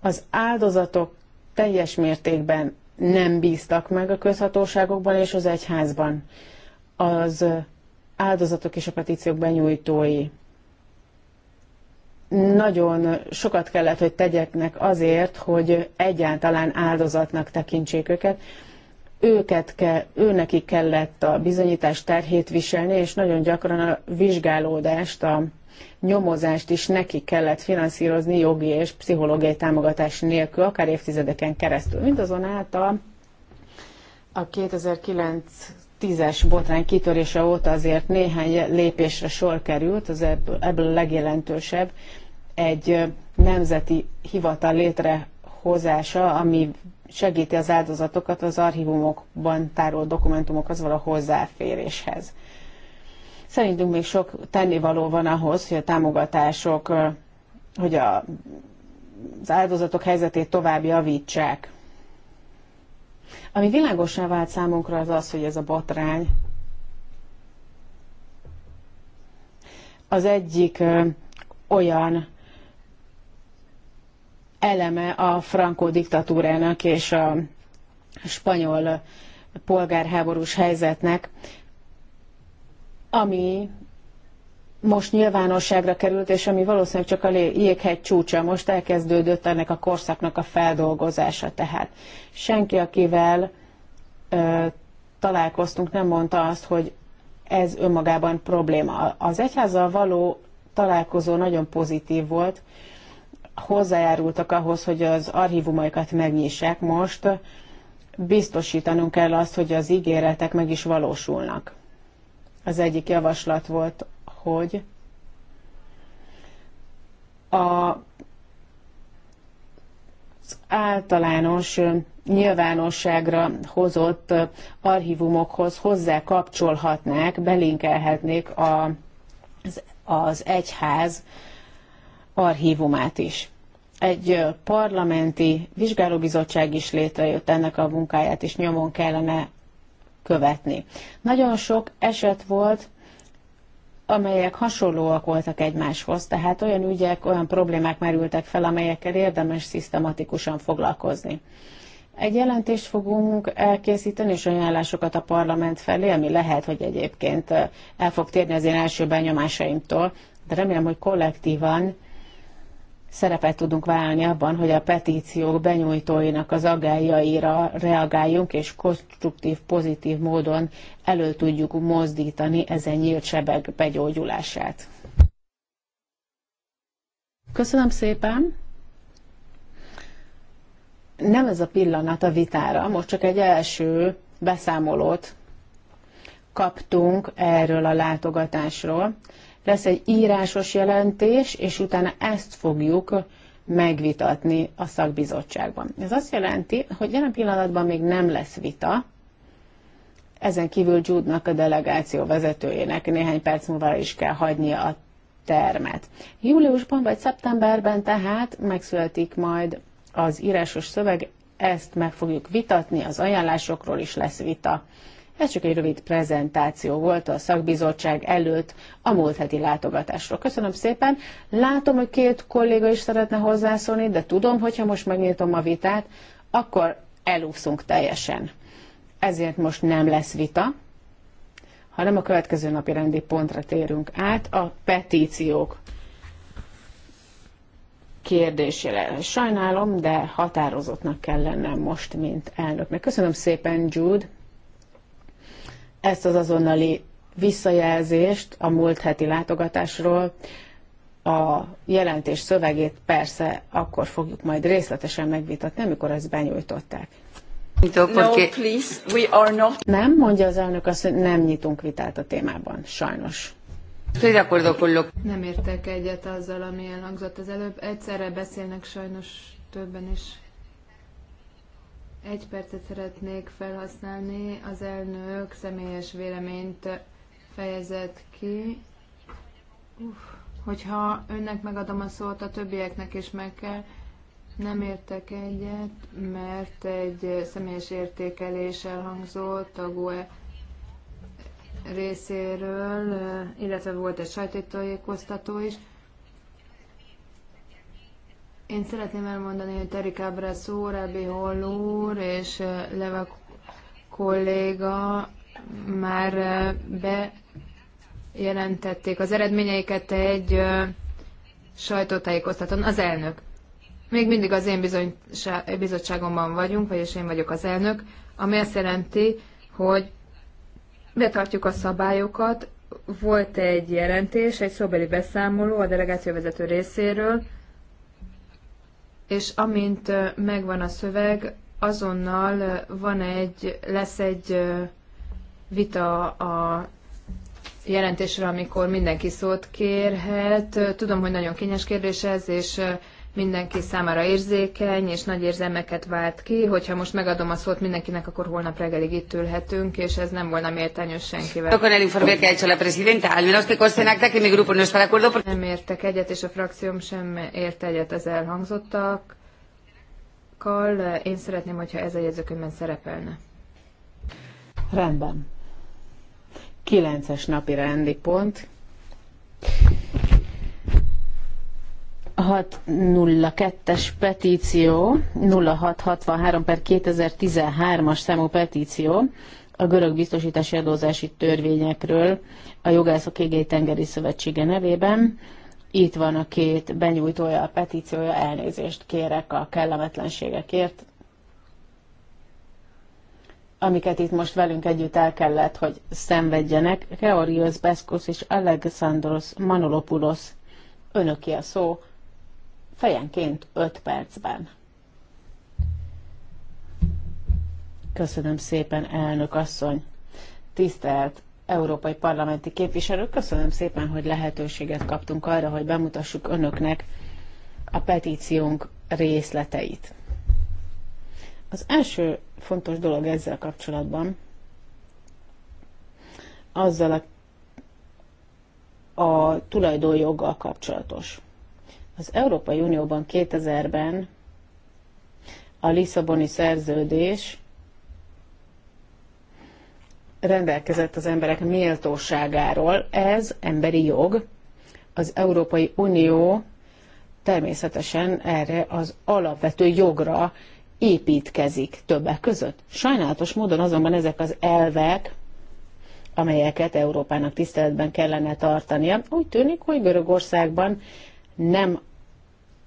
Az áldozatok teljes mértékben nem bíztak meg a közhatóságokban és az egyházban. Az áldozatok és a petíciók benyújtói nagyon sokat kellett, hogy tegyeknek azért, hogy egyáltalán áldozatnak tekintsék őket, őket kell, őnekik kellett a bizonyítás terhét viselni, és nagyon gyakran a vizsgálódást, a nyomozást is neki kellett finanszírozni jogi és pszichológiai támogatás nélkül, akár évtizedeken keresztül. Mindazonáltal a 2009 10 botrány kitörése óta azért néhány lépésre sor került, az ebből, ebből a legjelentősebb egy nemzeti hivatal létrehozása, ami segíti az áldozatokat az archívumokban tárolt dokumentumok az való hozzáféréshez. Szerintünk még sok tennivaló van ahhoz, hogy a támogatások, hogy a, az áldozatok helyzetét tovább javítsák. Ami világosá vált számunkra az az, hogy ez a botrány az egyik olyan eleme a Franco diktatúrának és a spanyol polgárháborús helyzetnek, ami most nyilvánosságra került, és ami valószínűleg csak a jéghegy csúcsa, most elkezdődött ennek a korszaknak a feldolgozása tehát. Senki, akivel ö, találkoztunk, nem mondta azt, hogy ez önmagában probléma. Az egyházzal való találkozó nagyon pozitív volt, hozzájárultak ahhoz, hogy az archívumaikat megnyissák most, biztosítanunk kell azt, hogy az ígéretek meg is valósulnak. Az egyik javaslat volt, hogy a általános nyilvánosságra hozott archívumokhoz hozzá kapcsolhatnák, belinkelhetnék a, az, az egyház archívumát is. Egy parlamenti vizsgálóbizottság is létrejött, ennek a munkáját is nyomon kellene követni. Nagyon sok eset volt, amelyek hasonlóak voltak egymáshoz, tehát olyan ügyek, olyan problémák merültek fel, amelyekkel érdemes szisztematikusan foglalkozni. Egy jelentést fogunk elkészíteni, és ajánlásokat a parlament felé, ami lehet, hogy egyébként el fog térni az én első benyomásaimtól, de remélem, hogy kollektívan szerepet tudunk válni abban, hogy a petíciók benyújtóinak az agályaira reagáljunk, és konstruktív, pozitív módon elő tudjuk mozdítani ezen nyílt sebek begyógyulását. Köszönöm szépen! Nem ez a pillanat a vitára, most csak egy első beszámolót kaptunk erről a látogatásról lesz egy írásos jelentés, és utána ezt fogjuk megvitatni a szakbizottságban. Ez azt jelenti, hogy jelen pillanatban még nem lesz vita, ezen kívül Judnak a delegáció vezetőjének néhány perc múlva is kell hagynia a termet. Júliusban vagy szeptemberben tehát megszületik majd az írásos szöveg, ezt meg fogjuk vitatni, az ajánlásokról is lesz vita. Ez csak egy rövid prezentáció volt a szakbizottság előtt a múlt heti látogatásról. Köszönöm szépen. Látom, hogy két kolléga is szeretne hozzászólni, de tudom, hogyha most megnyitom a vitát, akkor elúszunk teljesen. Ezért most nem lesz vita, hanem a következő napi rendi pontra térünk át, a petíciók kérdésére. Sajnálom, de határozottnak kell lennem most, mint elnöknek. Köszönöm szépen, Jude ezt az azonnali visszajelzést a múlt heti látogatásról, a jelentés szövegét persze akkor fogjuk majd részletesen megvitatni, amikor ezt benyújtották. No, please, we are not. Nem, mondja az elnök azt, hogy nem nyitunk vitát a témában, sajnos. Nem értek egyet azzal, ami elhangzott az előbb. Egyszerre beszélnek sajnos többen is egy percet szeretnék felhasználni. Az elnök személyes véleményt fejezett ki. Uf, hogyha önnek megadom a szót, a többieknek is meg kell. Nem értek egyet, mert egy személyes értékelés elhangzott a GUE részéről, illetve volt egy sajtótájékoztató is. Én szeretném elmondani, hogy Terik Ábrász úr, Hollúr és eh, Leva kolléga már eh, bejelentették az eredményeiket egy eh, sajtótájékoztatón. Az elnök. Még mindig az én bizottságomban vagyunk, vagyis én vagyok az elnök, ami azt jelenti, hogy betartjuk a szabályokat. Volt egy jelentés, egy szóbeli beszámoló a delegáció vezető részéről, és amint megvan a szöveg, azonnal van egy, lesz egy vita a jelentésről, amikor mindenki szót kérhet. Tudom, hogy nagyon kényes kérdés ez, és mindenki számára érzékeny és nagy érzelmeket vált ki. Hogyha most megadom a szót mindenkinek, akkor holnap reggelig itt ülhetünk, és ez nem volna méltányos senkivel. Nem értek egyet, és a frakcióm sem ért egyet az elhangzottak. én szeretném, hogyha ez a jegyzőkönyvben szerepelne. Rendben. Kilences napi rendi pont. 602-es petíció, 0663 per 2013-as számú petíció a görög biztosítási adózási törvényekről a Jogászok Égei Tengeri Szövetsége nevében. Itt van a két benyújtója a petíciója, elnézést kérek a kellemetlenségekért, amiket itt most velünk együtt el kellett, hogy szenvedjenek. Georgios Beszkos és Alexandros Manolopoulos önöki a szó fejenként 5 percben. Köszönöm szépen, elnök asszony. Tisztelt európai parlamenti képviselők, köszönöm szépen, hogy lehetőséget kaptunk arra, hogy bemutassuk önöknek a petíciónk részleteit. Az első fontos dolog ezzel kapcsolatban, azzal a, a tulajdonjoggal kapcsolatos. Az Európai Unióban 2000-ben a Lisszaboni szerződés rendelkezett az emberek méltóságáról. Ez emberi jog. Az Európai Unió természetesen erre az alapvető jogra építkezik többek között. Sajnálatos módon azonban ezek az elvek, amelyeket Európának tiszteletben kellene tartania, úgy tűnik, hogy Görögországban nem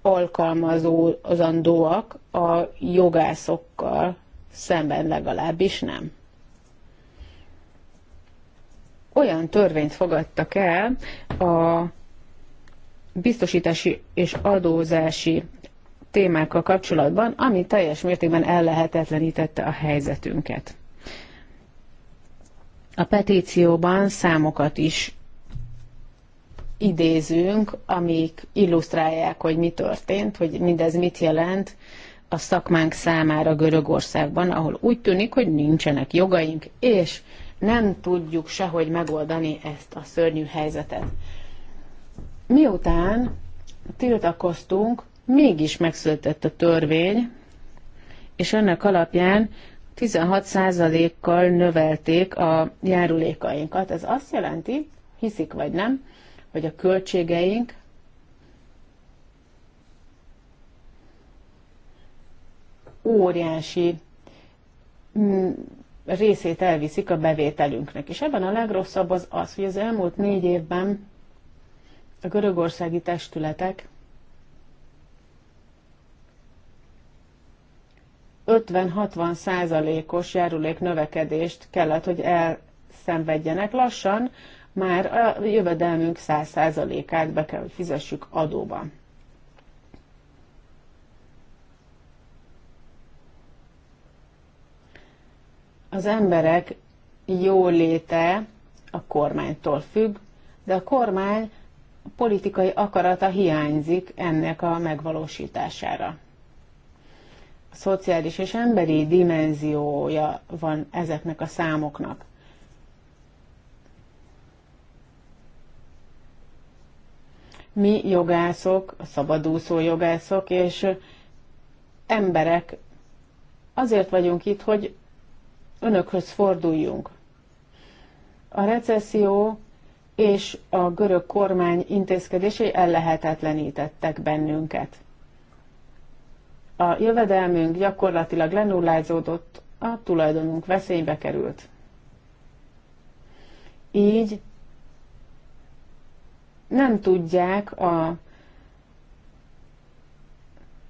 alkalmazandóak a jogászokkal szemben legalábbis nem. Olyan törvényt fogadtak el a biztosítási és adózási témákkal kapcsolatban, ami teljes mértékben ellehetetlenítette a helyzetünket. A petícióban számokat is idézünk, amik illusztrálják, hogy mi történt, hogy mindez mit jelent a szakmánk számára Görögországban, ahol úgy tűnik, hogy nincsenek jogaink, és nem tudjuk sehogy megoldani ezt a szörnyű helyzetet. Miután tiltakoztunk, mégis megszületett a törvény, és ennek alapján 16%-kal növelték a járulékainkat. Ez azt jelenti, hiszik vagy nem, vagy a költségeink, óriási mm, részét elviszik a bevételünknek. És ebben a legrosszabb az az, hogy az elmúlt négy évben a görögországi testületek 50-60 százalékos járulék növekedést kellett, hogy elszenvedjenek lassan, már a jövedelmünk 100%-át be kell, hogy fizessük adóban. Az emberek jóléte a kormánytól függ, de a kormány politikai akarata hiányzik ennek a megvalósítására. A szociális és emberi dimenziója van ezeknek a számoknak. mi jogászok, a szabadúszó jogászok és emberek azért vagyunk itt, hogy önökhöz forduljunk. A recesszió és a görög kormány intézkedései ellehetetlenítettek bennünket. A jövedelmünk gyakorlatilag lenullázódott, a tulajdonunk veszélybe került. Így nem tudják a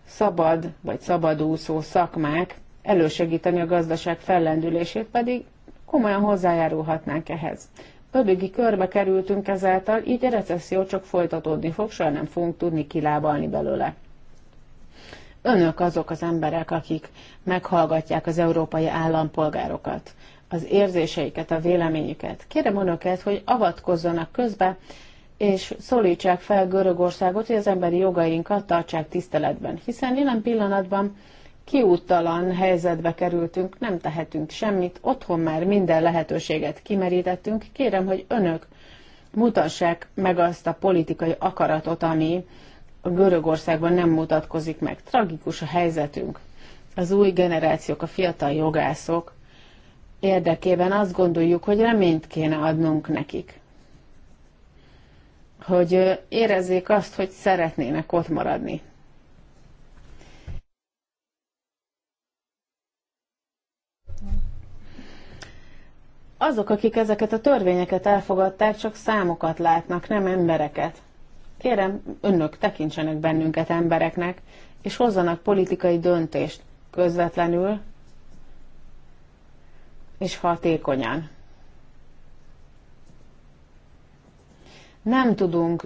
szabad vagy szabadúszó szakmák elősegíteni a gazdaság fellendülését, pedig komolyan hozzájárulhatnánk ehhez. Öbögi körbe kerültünk ezáltal, így a recesszió csak folytatódni fog, soha nem fogunk tudni kilábalni belőle. Önök azok az emberek, akik meghallgatják az európai állampolgárokat, az érzéseiket, a véleményüket. Kérem önöket, hogy avatkozzanak közbe, és szólítsák fel Görögországot, hogy az emberi jogainkat tartsák tiszteletben. Hiszen jelen pillanatban kiúttalan helyzetbe kerültünk, nem tehetünk semmit, otthon már minden lehetőséget kimerítettünk. Kérem, hogy önök mutassák meg azt a politikai akaratot, ami a Görögországban nem mutatkozik meg. Tragikus a helyzetünk. Az új generációk, a fiatal jogászok érdekében azt gondoljuk, hogy reményt kéne adnunk nekik hogy érezzék azt, hogy szeretnének ott maradni. Azok, akik ezeket a törvényeket elfogadták, csak számokat látnak, nem embereket. Kérem, önök tekintsenek bennünket embereknek, és hozzanak politikai döntést közvetlenül és hatékonyan. Nem tudunk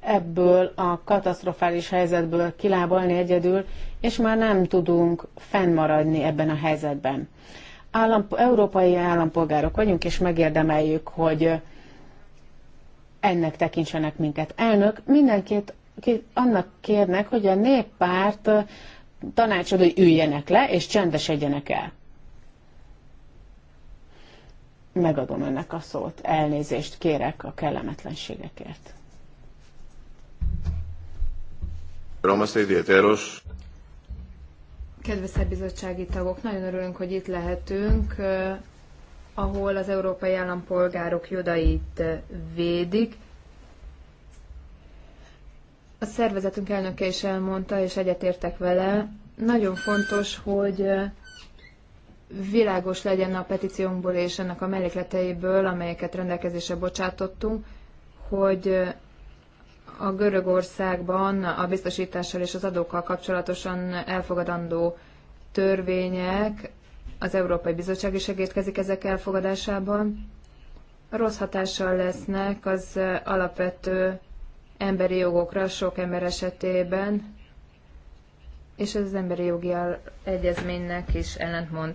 ebből a katasztrofális helyzetből kilábalni egyedül, és már nem tudunk fennmaradni ebben a helyzetben. Állampo- európai állampolgárok vagyunk, és megérdemeljük, hogy ennek tekintsenek minket. Elnök, mindenkit annak kérnek, hogy a néppárt tanácsadói üljenek le, és csendesedjenek el megadom önnek a szót. Elnézést kérek a kellemetlenségekért. Kedves bizottsági tagok, nagyon örülünk, hogy itt lehetünk, eh, ahol az európai állampolgárok jodait eh, védik. A szervezetünk elnöke is elmondta, és egyetértek vele. Nagyon fontos, hogy eh, világos legyen a petíciónkból és ennek a mellékleteiből, amelyeket rendelkezésre bocsátottunk, hogy a Görögországban a biztosítással és az adókkal kapcsolatosan elfogadandó törvények, az Európai Bizottság is segítkezik ezek elfogadásában, rossz hatással lesznek az alapvető emberi jogokra sok ember esetében, és ez az emberi jogi egyezménynek is ellentmond.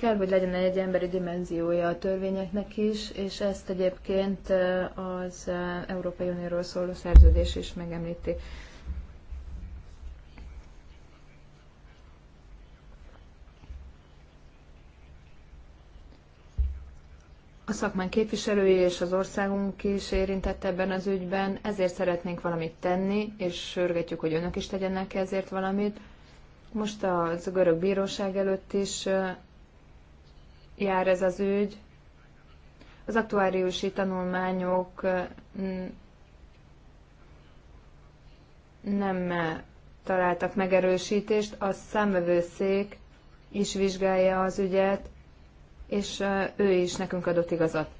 Kell, hogy legyen egy emberi dimenziója a törvényeknek is, és ezt egyébként az Európai Unióról szóló szerződés is megemlíti. A szakmán képviselői és az országunk is érintett ebben az ügyben, ezért szeretnénk valamit tenni, és sürgetjük, hogy önök is tegyenek ezért valamit. Most az görög bíróság előtt is jár ez az ügy. Az aktuáriusi tanulmányok nem találtak megerősítést, a számvevőszék is vizsgálja az ügyet, és ő is nekünk adott igazat.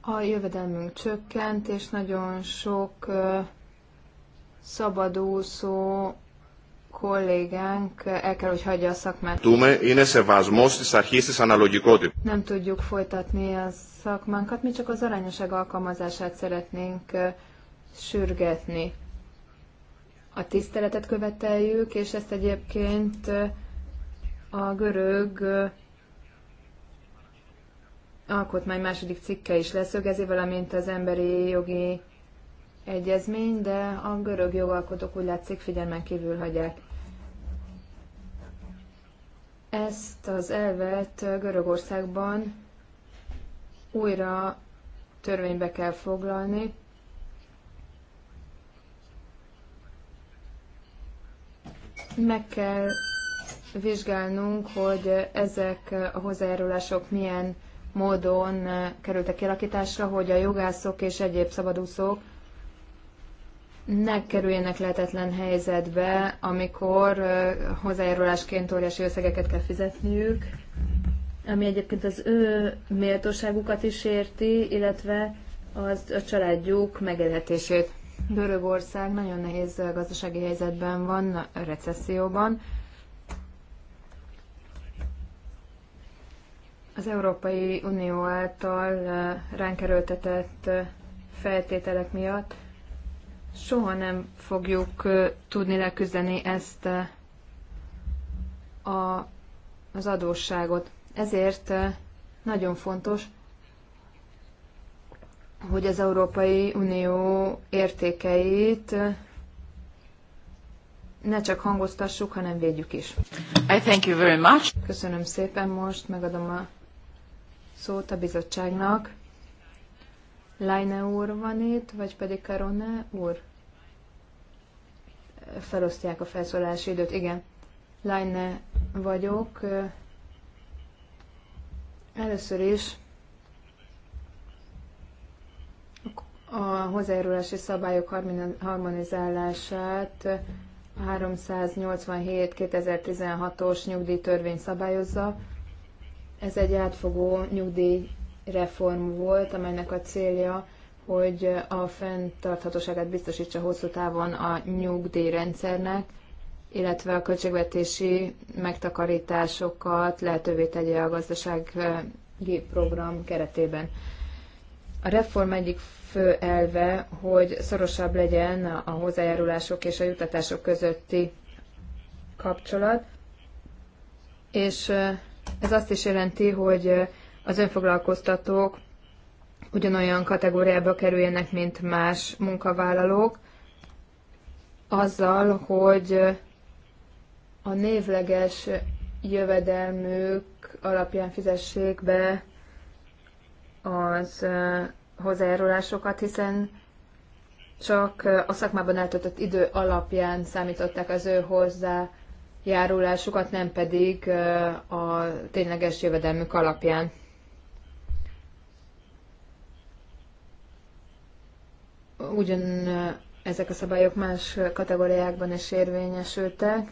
A jövedelmünk csökkent, és nagyon sok szabadúszó kollégánk el kell, hogy hagyja a szakmát. Nem tudjuk folytatni a szakmánkat, mi csak az arányoság alkalmazását szeretnénk sürgetni. A tiszteletet követeljük, és ezt egyébként a görög alkotmány második cikke is leszögezi, valamint az emberi jogi egyezmény, de a görög jogalkotók úgy látszik figyelmen kívül hagyják. Ezt az elvet Görögországban újra törvénybe kell foglalni, meg kell vizsgálnunk, hogy ezek a hozzájárulások milyen módon kerültek kialakításra, hogy a jogászok és egyéb szabadúszók ne kerüljenek lehetetlen helyzetbe, amikor hozzájárulásként óriási összegeket kell fizetniük, ami egyébként az ő méltóságukat is érti, illetve az a családjuk megélhetését. Görögország nagyon nehéz gazdasági helyzetben van, recesszióban. Az Európai Unió által ránk erőltetett feltételek miatt soha nem fogjuk tudni leküzdeni ezt a, az adósságot. Ezért nagyon fontos, hogy az Európai Unió értékeit ne csak hangoztassuk, hanem védjük is. I thank you very much. Köszönöm szépen, most megadom a szót a bizottságnak. Leine úr van itt, vagy pedig Karone úr? felosztják a felszólalási időt. Igen, Lajne vagyok. Először is a hozzájárulási szabályok harmonizálását 387-2016-os nyugdíjtörvény szabályozza. Ez egy átfogó nyugdíjreform volt, amelynek a célja, hogy a fenntarthatóságát biztosítsa hosszú távon a nyugdíjrendszernek, illetve a költségvetési megtakarításokat lehetővé tegye a gazdasági program keretében. A reform egyik fő elve, hogy szorosabb legyen a hozzájárulások és a jutatások közötti kapcsolat, és ez azt is jelenti, hogy az önfoglalkoztatók ugyanolyan kategóriába kerüljenek, mint más munkavállalók, azzal, hogy a névleges jövedelmük alapján fizessék be az hozzájárulásokat, hiszen csak a szakmában eltöltött idő alapján számították az ő hozzájárulásukat, nem pedig a tényleges jövedelmük alapján. ugyan ezek a szabályok más kategóriákban is érvényesültek.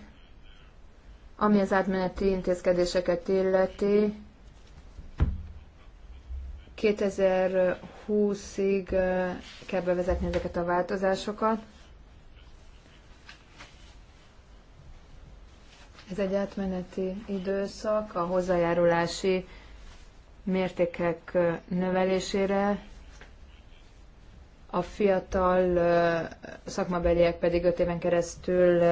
Ami az átmeneti intézkedéseket illeti, 2020-ig kell bevezetni ezeket a változásokat. Ez egy átmeneti időszak a hozzájárulási mértékek növelésére, a fiatal szakmabeliek pedig 5 éven keresztül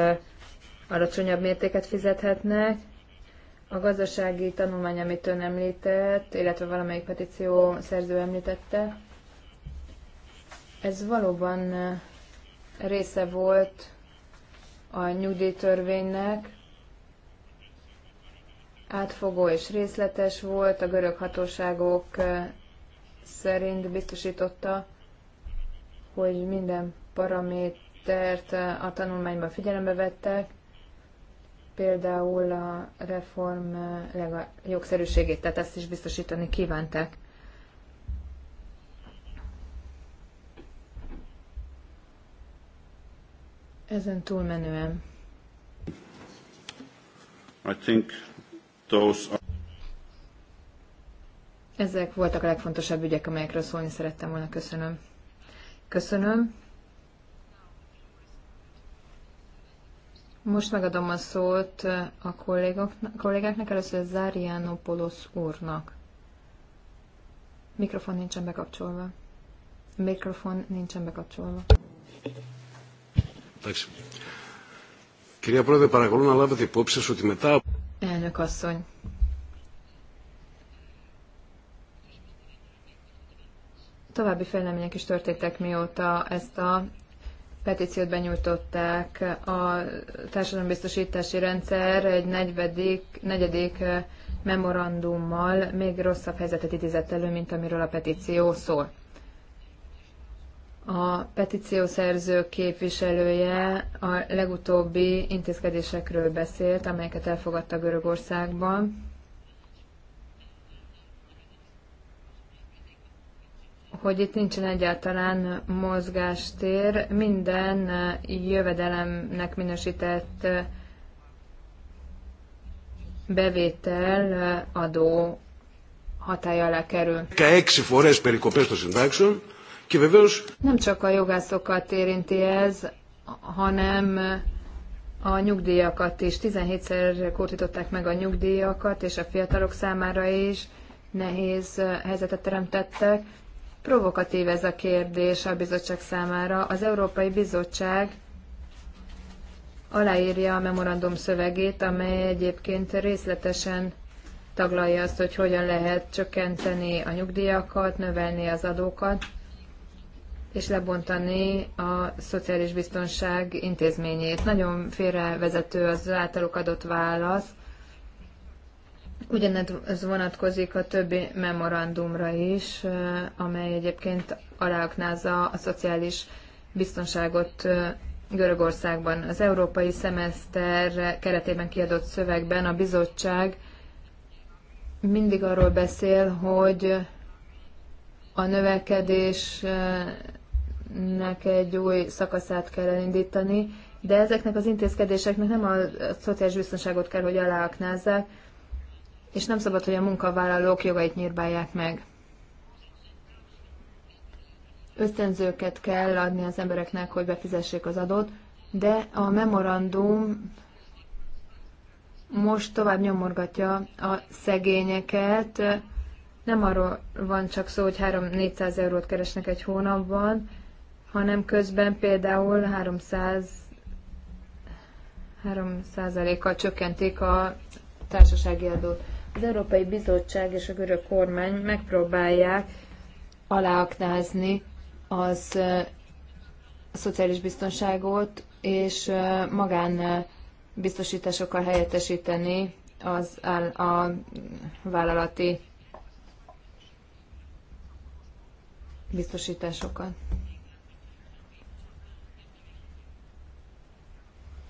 alacsonyabb mértéket fizethetnek. A gazdasági tanulmány, amit ön említett, illetve valamelyik petíció szerző említette, ez valóban része volt a nyugdíjtörvénynek, átfogó és részletes volt, a görög hatóságok szerint biztosította, hogy minden paramétert a tanulmányban figyelembe vettek, például a reform jogszerűségét, tehát ezt is biztosítani kívánták. Ezen túlmenően. I think those are... Ezek voltak a legfontosabb ügyek, amelyekről szólni szerettem volna. Köszönöm. Köszönöm. Most megadom a szót a kollégáknak, először Záriánopoulos úrnak. Mikrofon nincsen bekapcsolva. Mikrofon nincsen bekapcsolva. Köszönöm. Κυρία Πρόεδρε, παρακαλώ να λάβετε υπόψη σας ότι μετά... Elnök asszony, További fejlemények is történtek, mióta ezt a petíciót benyújtották. A társadalombiztosítási rendszer egy negyedik, negyedik eh, memorandummal még rosszabb helyzetet idézett elő, mint amiről a petíció szól. A petíció szerző képviselője a legutóbbi intézkedésekről beszélt, amelyeket elfogadta Görögországban, hogy itt nincsen egyáltalán mozgástér. Minden eh, jövedelemnek minősített eh, bevétel eh, adó hatája alá kerül. Nem csak a jogászokat érinti ez, hanem a nyugdíjakat is. 17-szer kurtították meg a nyugdíjakat, és a fiatalok számára is nehéz helyzetet teremtettek. Provokatív ez a kérdés a bizottság számára. Az Európai Bizottság aláírja a memorandum szövegét, amely egyébként részletesen taglalja azt, hogy hogyan lehet csökkenteni a nyugdíjakat, növelni az adókat, és lebontani a szociális biztonság intézményét. Nagyon félrevezető az általuk adott válasz, Ugyanez vonatkozik a többi memorandumra is, amely egyébként aláaknázza a szociális biztonságot Görögországban. Az európai szemeszter keretében kiadott szövegben a bizottság mindig arról beszél, hogy a növekedésnek egy új szakaszát kell elindítani, de ezeknek az intézkedéseknek nem a szociális biztonságot kell, hogy aláaknázzák, és nem szabad, hogy a munkavállalók jogait nyírbálják meg. Ösztönzőket kell adni az embereknek, hogy befizessék az adót, de a memorandum most tovább nyomorgatja a szegényeket. Nem arról van csak szó, hogy 3-400 eurót keresnek egy hónapban, hanem közben például 300 3%-kal csökkentik a társasági adót. Az Európai Bizottság és a görög kormány megpróbálják aláaknázni az a szociális biztonságot és magán biztosításokkal helyettesíteni az áll, a vállalati biztosításokat.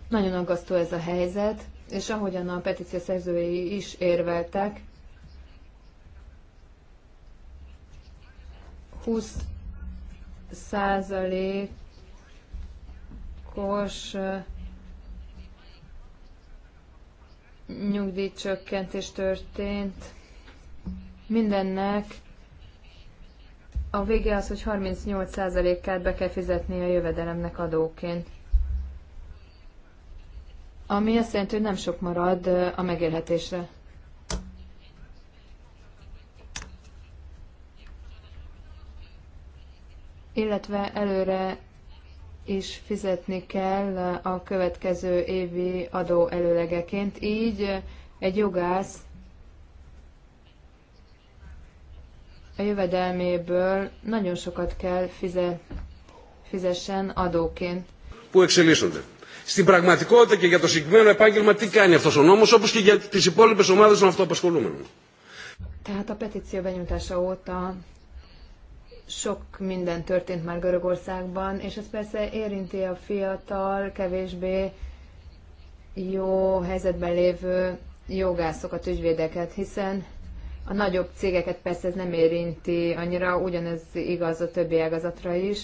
Nagyon aggasztó ez a helyzet és ahogyan a petíció szerzői is érveltek, 20 százalékos uh, nyugdíjcsökkentés történt. Mindennek a vége az, hogy 38 százalékát be kell fizetni a jövedelemnek adóként ami azt jelenti, hogy nem sok marad a megélhetésre. Illetve előre is fizetni kell a következő évi adó előlegeként. Így egy jogász a jövedelméből nagyon sokat kell fizet, fizessen adóként. Πού Στην πραγματικότητα και για το συγκεκριμένο επάγγελμα τι κάνει αυτός ο νόμος, όπως και για τις υπόλοιπες ομάδες των αυτοαπασχολούμενων. Tehát a petíció benyújtása óta sok minden történt már Görögországban, és ez persze érinti a fiatal, kevésbé jó helyzetben lévő jogászokat, ügyvédeket, hiszen a nagyobb cégeket persze ez nem érinti annyira, ugyanez igaz a többi ágazatra is.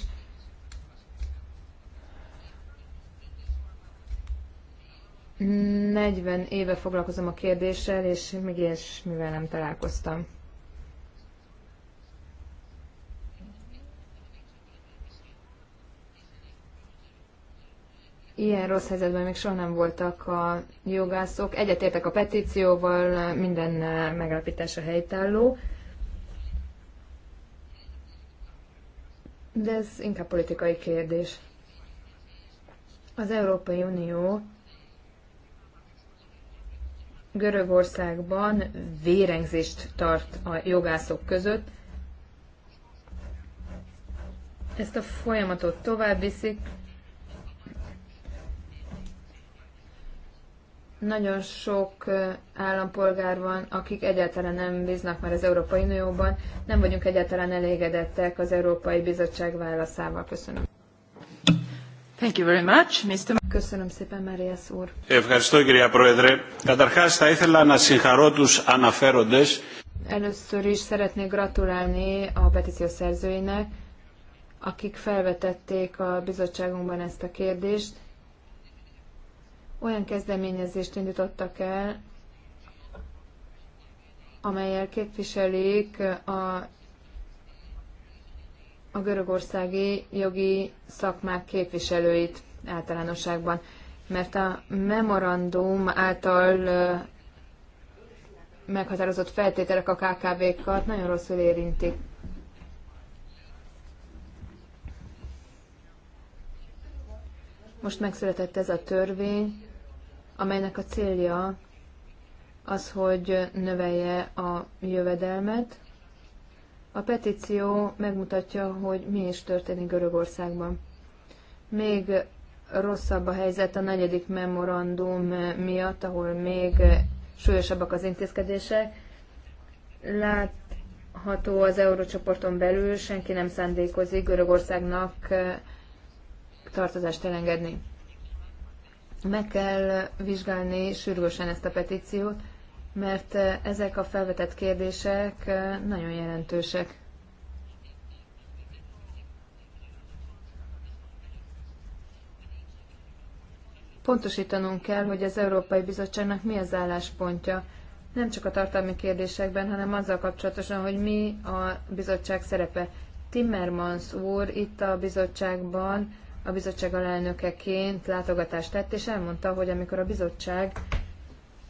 40 éve foglalkozom a kérdéssel, és még ilyesmivel nem találkoztam. Ilyen rossz helyzetben még soha nem voltak a jogászok. Egyetértek a petícióval, minden megállapítása helytálló. De ez inkább politikai kérdés. Az Európai Unió Görögországban vérengzést tart a jogászok között. Ezt a folyamatot tovább viszik. Nagyon sok állampolgár van, akik egyáltalán nem bíznak már az Európai Unióban. Nem vagyunk egyáltalán elégedettek az Európai Bizottság válaszával. Köszönöm. Thank you very much, Mr. Köszönöm szépen, Marias úr. Ευχαριστώ, κυρία Πρόεδρε. Καταρχάς, θα ήθελα να συγχαρώ τους αναφέροντες. Először is szeretnék gratulálni a petíció szerzőinek, akik felvetették a bizottságunkban ezt a kérdést. Olyan kezdeményezést indítottak el, amelyel képviselik a a görögországi jogi szakmák képviselőit általánosságban, mert a memorandum által meghatározott feltételek a KKV-kat nagyon rosszul érintik. Most megszületett ez a törvény, amelynek a célja az, hogy növelje a jövedelmet, a petíció megmutatja, hogy mi is történik Görögországban. Még rosszabb a helyzet a negyedik memorandum miatt, ahol még súlyosabbak az intézkedések. Látható az eurócsoporton belül, senki nem szándékozik Görögországnak eh, tartozást elengedni. Meg kell vizsgálni sürgősen ezt a petíciót, mert eh, ezek a felvetett kérdések eh, nagyon jelentősek. Pontosítanunk kell, hogy az Európai Bizottságnak mi az álláspontja, nem csak a tartalmi kérdésekben, hanem azzal kapcsolatosan, hogy mi a bizottság szerepe. Timmermans úr itt a bizottságban a bizottság alelnökeként látogatást tett, és elmondta, hogy amikor a bizottság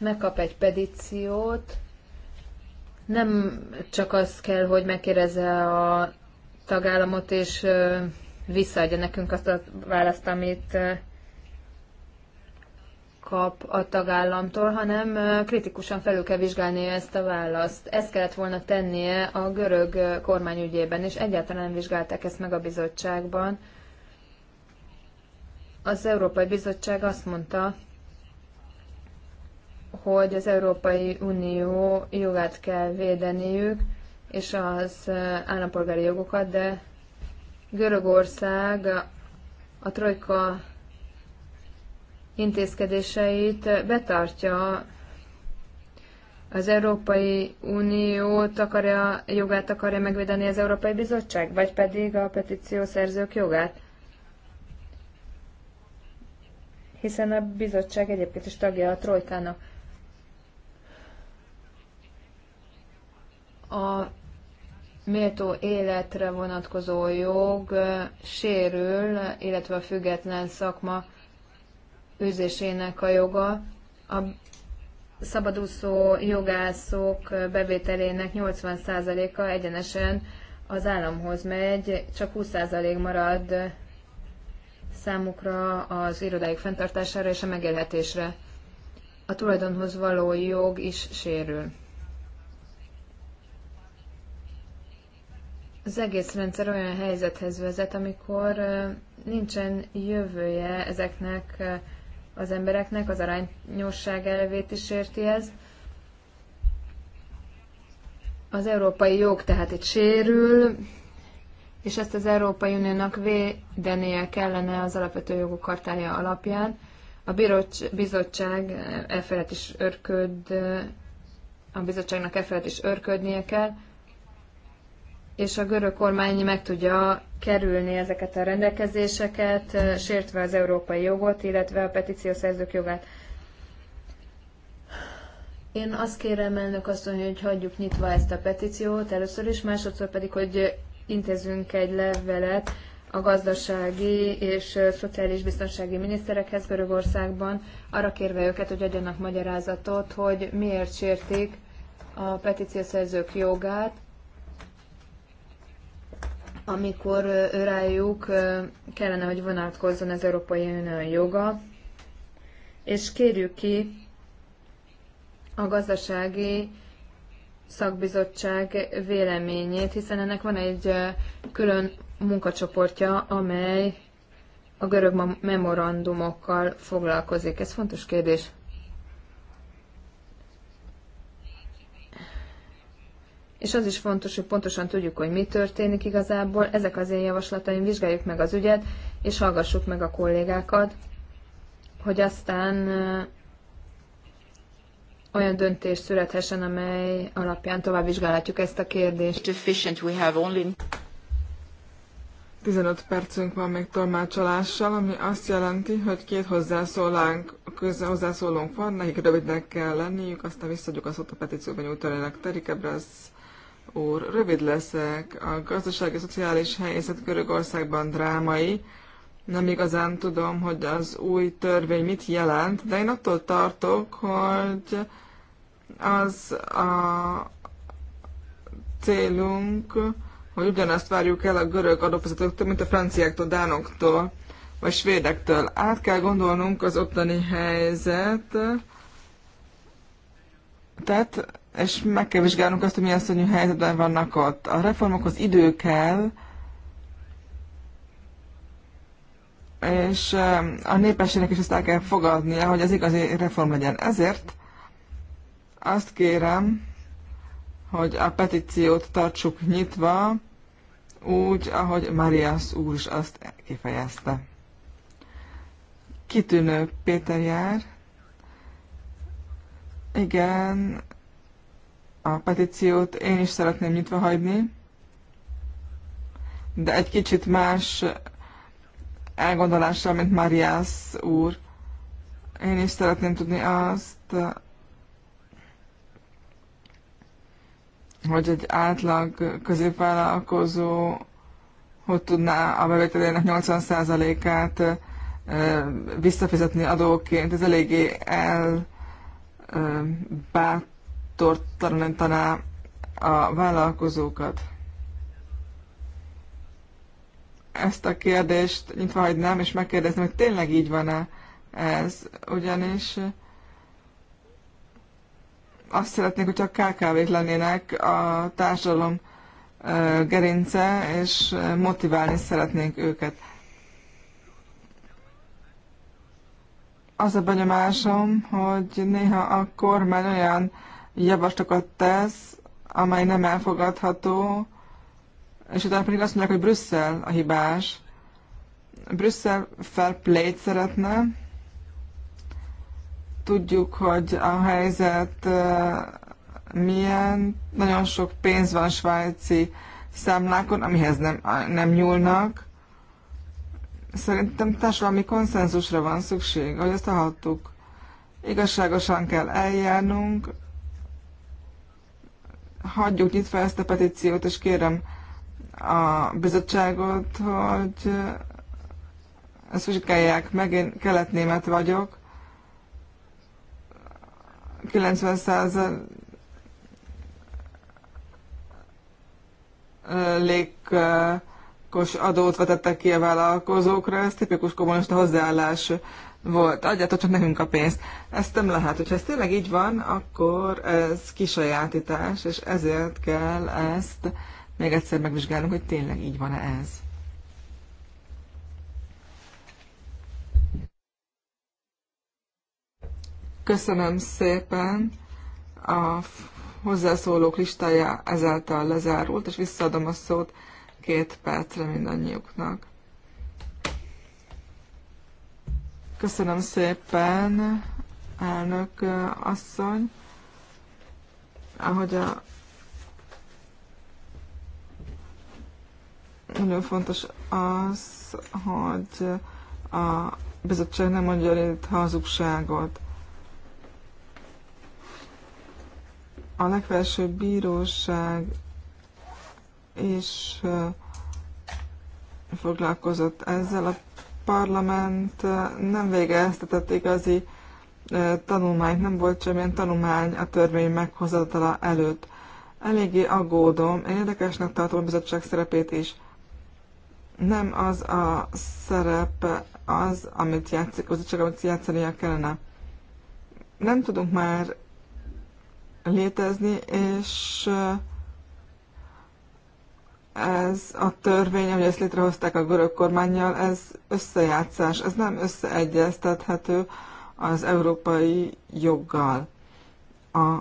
megkap egy petíciót, nem csak az kell, hogy megkérdezze a tagállamot, és visszaadja nekünk azt a választ, amit kap a tagállamtól, hanem kritikusan felül kell vizsgálnia ezt a választ. Ezt kellett volna tennie a görög kormányügyében és egyáltalán nem vizsgálták ezt meg a bizottságban. Az Európai Bizottság azt mondta, hogy az Európai Unió jogát kell védeniük, és az állampolgári jogokat, de Görögország a trojka intézkedéseit betartja az Európai Unió akarja, jogát akarja megvédeni az Európai Bizottság, vagy pedig a petíció szerzők jogát? Hiszen a bizottság egyébként is tagja a trojkának. a méltó életre vonatkozó jog sérül, illetve a független szakma őzésének a joga. A szabadúszó jogászok bevételének 80%-a egyenesen az államhoz megy, csak 20% marad számukra az irodáik fenntartására és a megélhetésre. A tulajdonhoz való jog is sérül. az egész rendszer olyan helyzethez vezet, amikor nincsen jövője ezeknek az embereknek, az arányosság elvét is érti ez. Az európai jog tehát itt sérül, és ezt az Európai Uniónak védenie kellene az alapvető jogok kartája alapján. A bizottság elfelett is örköd, a bizottságnak elfelett is örködnie kell, és a görög kormány meg tudja kerülni ezeket a rendelkezéseket, sértve az európai jogot, illetve a petíciószerzők jogát. Én azt kérem elnök mondja, hogy hagyjuk nyitva ezt a petíciót először is, másodszor pedig, hogy intézünk egy levelet a gazdasági és szociális biztonsági miniszterekhez Görögországban, arra kérve őket, hogy adjanak magyarázatot, hogy miért sértik a petíciószerzők jogát, amikor rájuk kellene, hogy vonatkozzon az Európai Unió joga, és kérjük ki a gazdasági szakbizottság véleményét, hiszen ennek van egy külön munkacsoportja, amely a görög memorandumokkal foglalkozik. Ez fontos kérdés. és az is fontos, hogy pontosan tudjuk, hogy mi történik igazából. Ezek az én javaslataim, vizsgáljuk meg az ügyet, és hallgassuk meg a kollégákat, hogy aztán olyan döntés születhessen, amely alapján tovább vizsgálhatjuk ezt a kérdést. 15 percünk van még tolmácsolással, ami azt jelenti, hogy két hozzászólánk, közben hozzászólónk van, nekik rövidnek kell lenniük, aztán visszadjuk a szót a petícióban nyújtani az úr. Rövid leszek. A gazdasági szociális helyzet Görögországban drámai. Nem igazán tudom, hogy az új törvény mit jelent, de én attól tartok, hogy az a célunk, hogy ugyanazt várjuk el a görög adófizetőktől, mint a franciáktól, dánoktól, vagy svédektől. Át kell gondolnunk az ottani helyzet, tehát és meg kell vizsgálnunk azt, hogy milyen szörnyű helyzetben vannak ott. A reformokhoz idő kell, és a népességnek is ezt el kell fogadnia, hogy az igazi reform legyen. Ezért azt kérem, hogy a petíciót tartsuk nyitva, úgy, ahogy Marias úr is azt kifejezte. Kitűnő Péter jár. Igen, a petíciót én is szeretném nyitva hagyni, de egy kicsit más elgondolással, mint Mariász úr. Én is szeretném tudni azt, hogy egy átlag középvállalkozó hogy tudná a bevételének 80%-át visszafizetni adóként. Ez eléggé elbát bátortalanítaná a vállalkozókat. Ezt a kérdést nyitva hagynám, és megkérdezném, hogy tényleg így van-e ez, ugyanis azt szeretnék, hogyha a KKV-k lennének a társadalom gerince, és motiválni szeretnénk őket. Az a benyomásom, hogy néha a kormány olyan javaslatokat tesz, amely nem elfogadható, és utána pedig azt mondják, hogy Brüsszel a hibás. Brüsszel fair play szeretne. Tudjuk, hogy a helyzet milyen. Nagyon sok pénz van svájci számlákon, amihez nem, nem nyúlnak. Szerintem társadalmi konszenzusra van szükség, ahogy ezt hallottuk. Igazságosan kell eljárnunk, hagyjuk nyitva ezt a petíciót, és kérem a bizottságot, hogy ezt vizsgálják meg, én kelet-német vagyok, 90 százalék lékkos adót vetettek ki a vállalkozókra, ez tipikus kommunista hozzáállás volt, adjátok csak nekünk a pénzt. Ezt nem lehet. Hogyha ez tényleg így van, akkor ez kisajátítás, és ezért kell ezt még egyszer megvizsgálnunk, hogy tényleg így van-e ez. Köszönöm szépen. A hozzászólók listája ezáltal lezárult, és visszaadom a szót két percre mindannyiuknak. Köszönöm szépen, elnök asszony. Ahogy a nagyon fontos az, hogy a bizottság nem mondja itt hazugságot. A legfelsőbb bíróság és foglalkozott ezzel a parlament eh, nem végeztetett igazi eh, tanulmányt, nem volt semmilyen tanulmány a törvény meghozatala előtt. Eléggé aggódom, én érdekesnek tartom a bizottság szerepét is. Nem az a szerep az, amit játszik, az csak amit játszania kellene. Nem tudunk már létezni, és eh, ez a törvény, amit ezt létrehozták a görög kormányjal, ez összejátszás, ez nem összeegyeztethető az európai joggal. A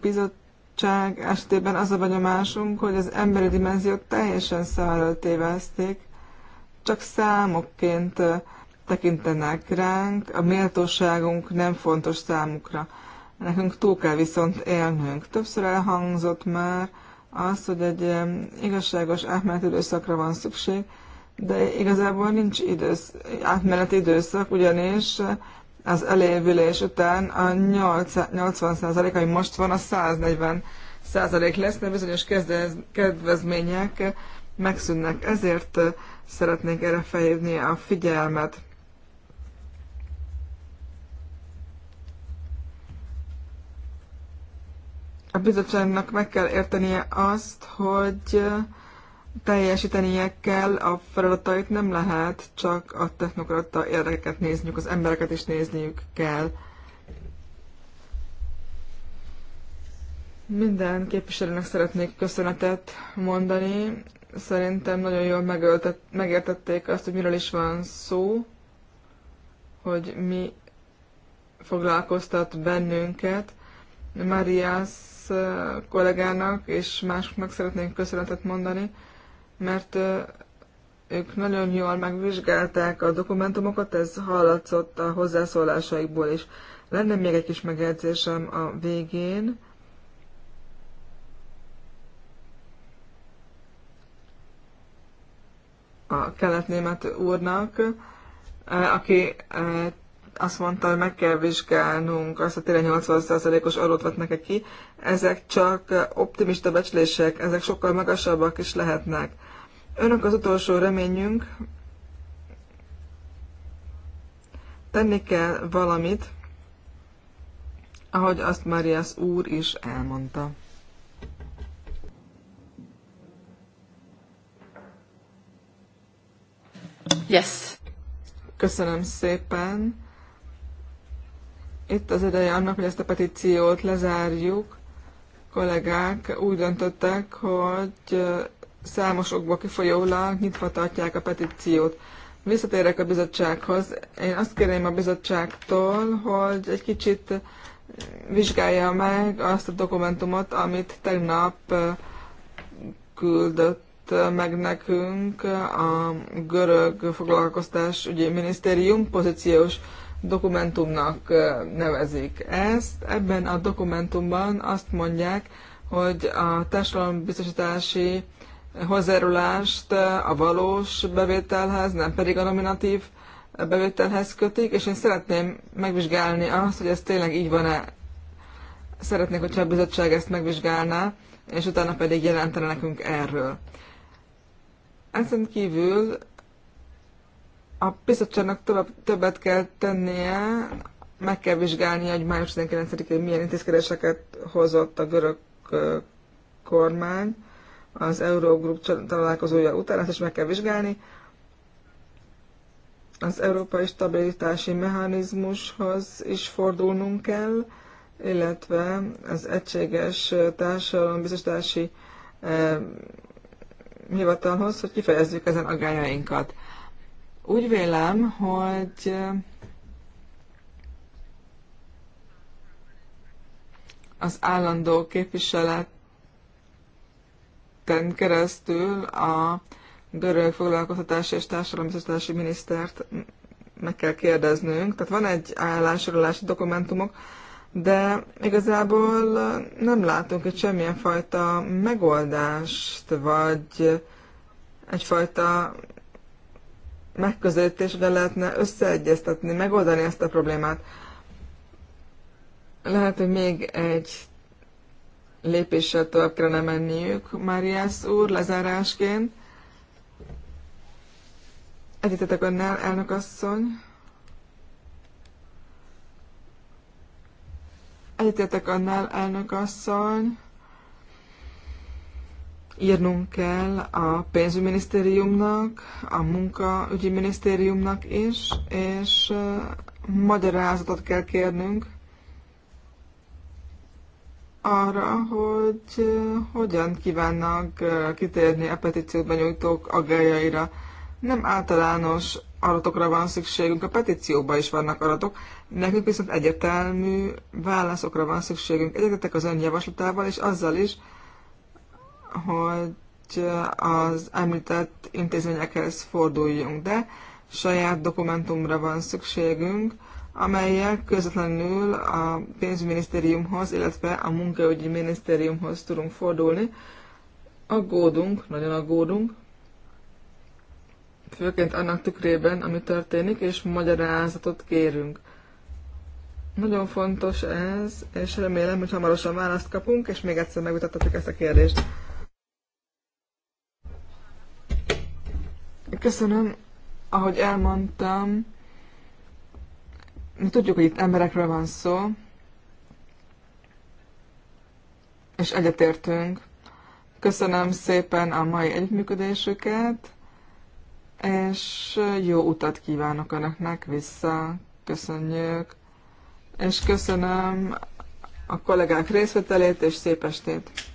bizottság estében az a benyomásunk, hogy az emberi dimenziót teljesen szállal tévezték, csak számokként tekintenek ránk, a méltóságunk nem fontos számukra. Nekünk túl kell viszont élnünk. Többször elhangzott már, az, hogy egy igazságos átmeneti időszakra van szükség, de igazából nincs idősz, átmeneti időszak, ugyanis az elévülés után a 80% ami most van, a 140 százalék lesz, mert bizonyos kedvezmények megszűnnek. Ezért szeretnék erre felhívni a figyelmet. a bizottságnak meg kell értenie azt, hogy teljesítenie kell a feladatait, nem lehet csak a technokrata érdekeket nézniük, az embereket is nézniük kell. Minden képviselőnek szeretnék köszönetet mondani. Szerintem nagyon jól megöltet, megértették azt, hogy miről is van szó, hogy mi foglalkoztat bennünket. Marias Ferenc kollégának és másoknak szeretnénk köszönetet mondani, mert ők nagyon jól megvizsgálták a dokumentumokat, ez hallatszott a hozzászólásaikból is. Lenne még egy kis megjegyzésem a végén. A kelet-német úrnak, aki azt mondta, hogy meg kell vizsgálnunk azt, a tényleg 80%-os adót neki ki. Ezek csak optimista becslések, ezek sokkal magasabbak is lehetnek. Önök az utolsó reményünk, tenni kell valamit, ahogy azt Marias úr is elmondta. Yes. Köszönöm szépen itt az ideje annak, hogy ezt a petíciót lezárjuk. Kollégák úgy döntöttek, hogy számos okból kifolyólag nyitva tartják a petíciót. Visszatérek a bizottsághoz. Én azt kérném a bizottságtól, hogy egy kicsit vizsgálja meg azt a dokumentumot, amit tegnap küldött meg nekünk a görög foglalkoztás, ügyi minisztérium pozíciós dokumentumnak nevezik ezt. Ebben a dokumentumban azt mondják, hogy a társadalombiztosítási hozzárulást a valós bevételhez, nem pedig a nominatív bevételhez kötik, és én szeretném megvizsgálni azt, hogy ez tényleg így van-e. Szeretnék, hogyha a bizottság ezt megvizsgálná, és utána pedig jelentene nekünk erről. Ezen kívül a bizottságnak tovább, többet kell tennie, meg kell vizsgálnia, hogy május 19-én milyen intézkedéseket hozott a görög kormány az Eurogroup találkozója után, ezt is meg kell vizsgálni. Az európai stabilitási mechanizmushoz is fordulnunk kell, illetve az egységes társadalombiztosítási hivatalhoz, hogy kifejezzük ezen aggájainkat. Úgy vélem, hogy eh, az állandó képviseleten keresztül a görög foglalkoztatási és társadalombiztosítási minisztert meg kell kérdeznünk. Tehát van egy állásorolási dokumentumok, de igazából nem látunk itt semmilyen fajta megoldást, vagy egyfajta megközelítésre lehetne összeegyeztetni, megoldani ezt a problémát. Lehet, hogy még egy lépéssel tovább kellene menniük, Máriász úr, lezárásként. Egyetetek önnel, elnök asszony. Egyetetek önnel, elnök asszony írnunk kell a pénzügyminisztériumnak, a munkaügyi minisztériumnak is, és magyarázatot kell kérnünk arra, hogy hogyan kívánnak kitérni a petíciót benyújtók aggájaira. Nem általános adatokra van szükségünk, a petícióban is vannak adatok, nekünk viszont egyetelmű válaszokra van szükségünk. Egyetetek az ön javaslatával, és azzal is, hogy az említett intézményekhez forduljunk, de saját dokumentumra van szükségünk, amelyel közvetlenül a pénzminisztériumhoz, illetve a munkaügyi minisztériumhoz tudunk fordulni. Aggódunk, nagyon aggódunk, főként annak tükrében, ami történik, és magyarázatot kérünk. Nagyon fontos ez, és remélem, hogy hamarosan választ kapunk, és még egyszer megvitathatjuk ezt a kérdést. Köszönöm, ahogy elmondtam, mi tudjuk, hogy itt emberekről van szó, és egyetértünk. Köszönöm szépen a mai együttműködésüket, és jó utat kívánok Önöknek vissza. Köszönjük. És köszönöm a kollégák részvételét, és szép estét!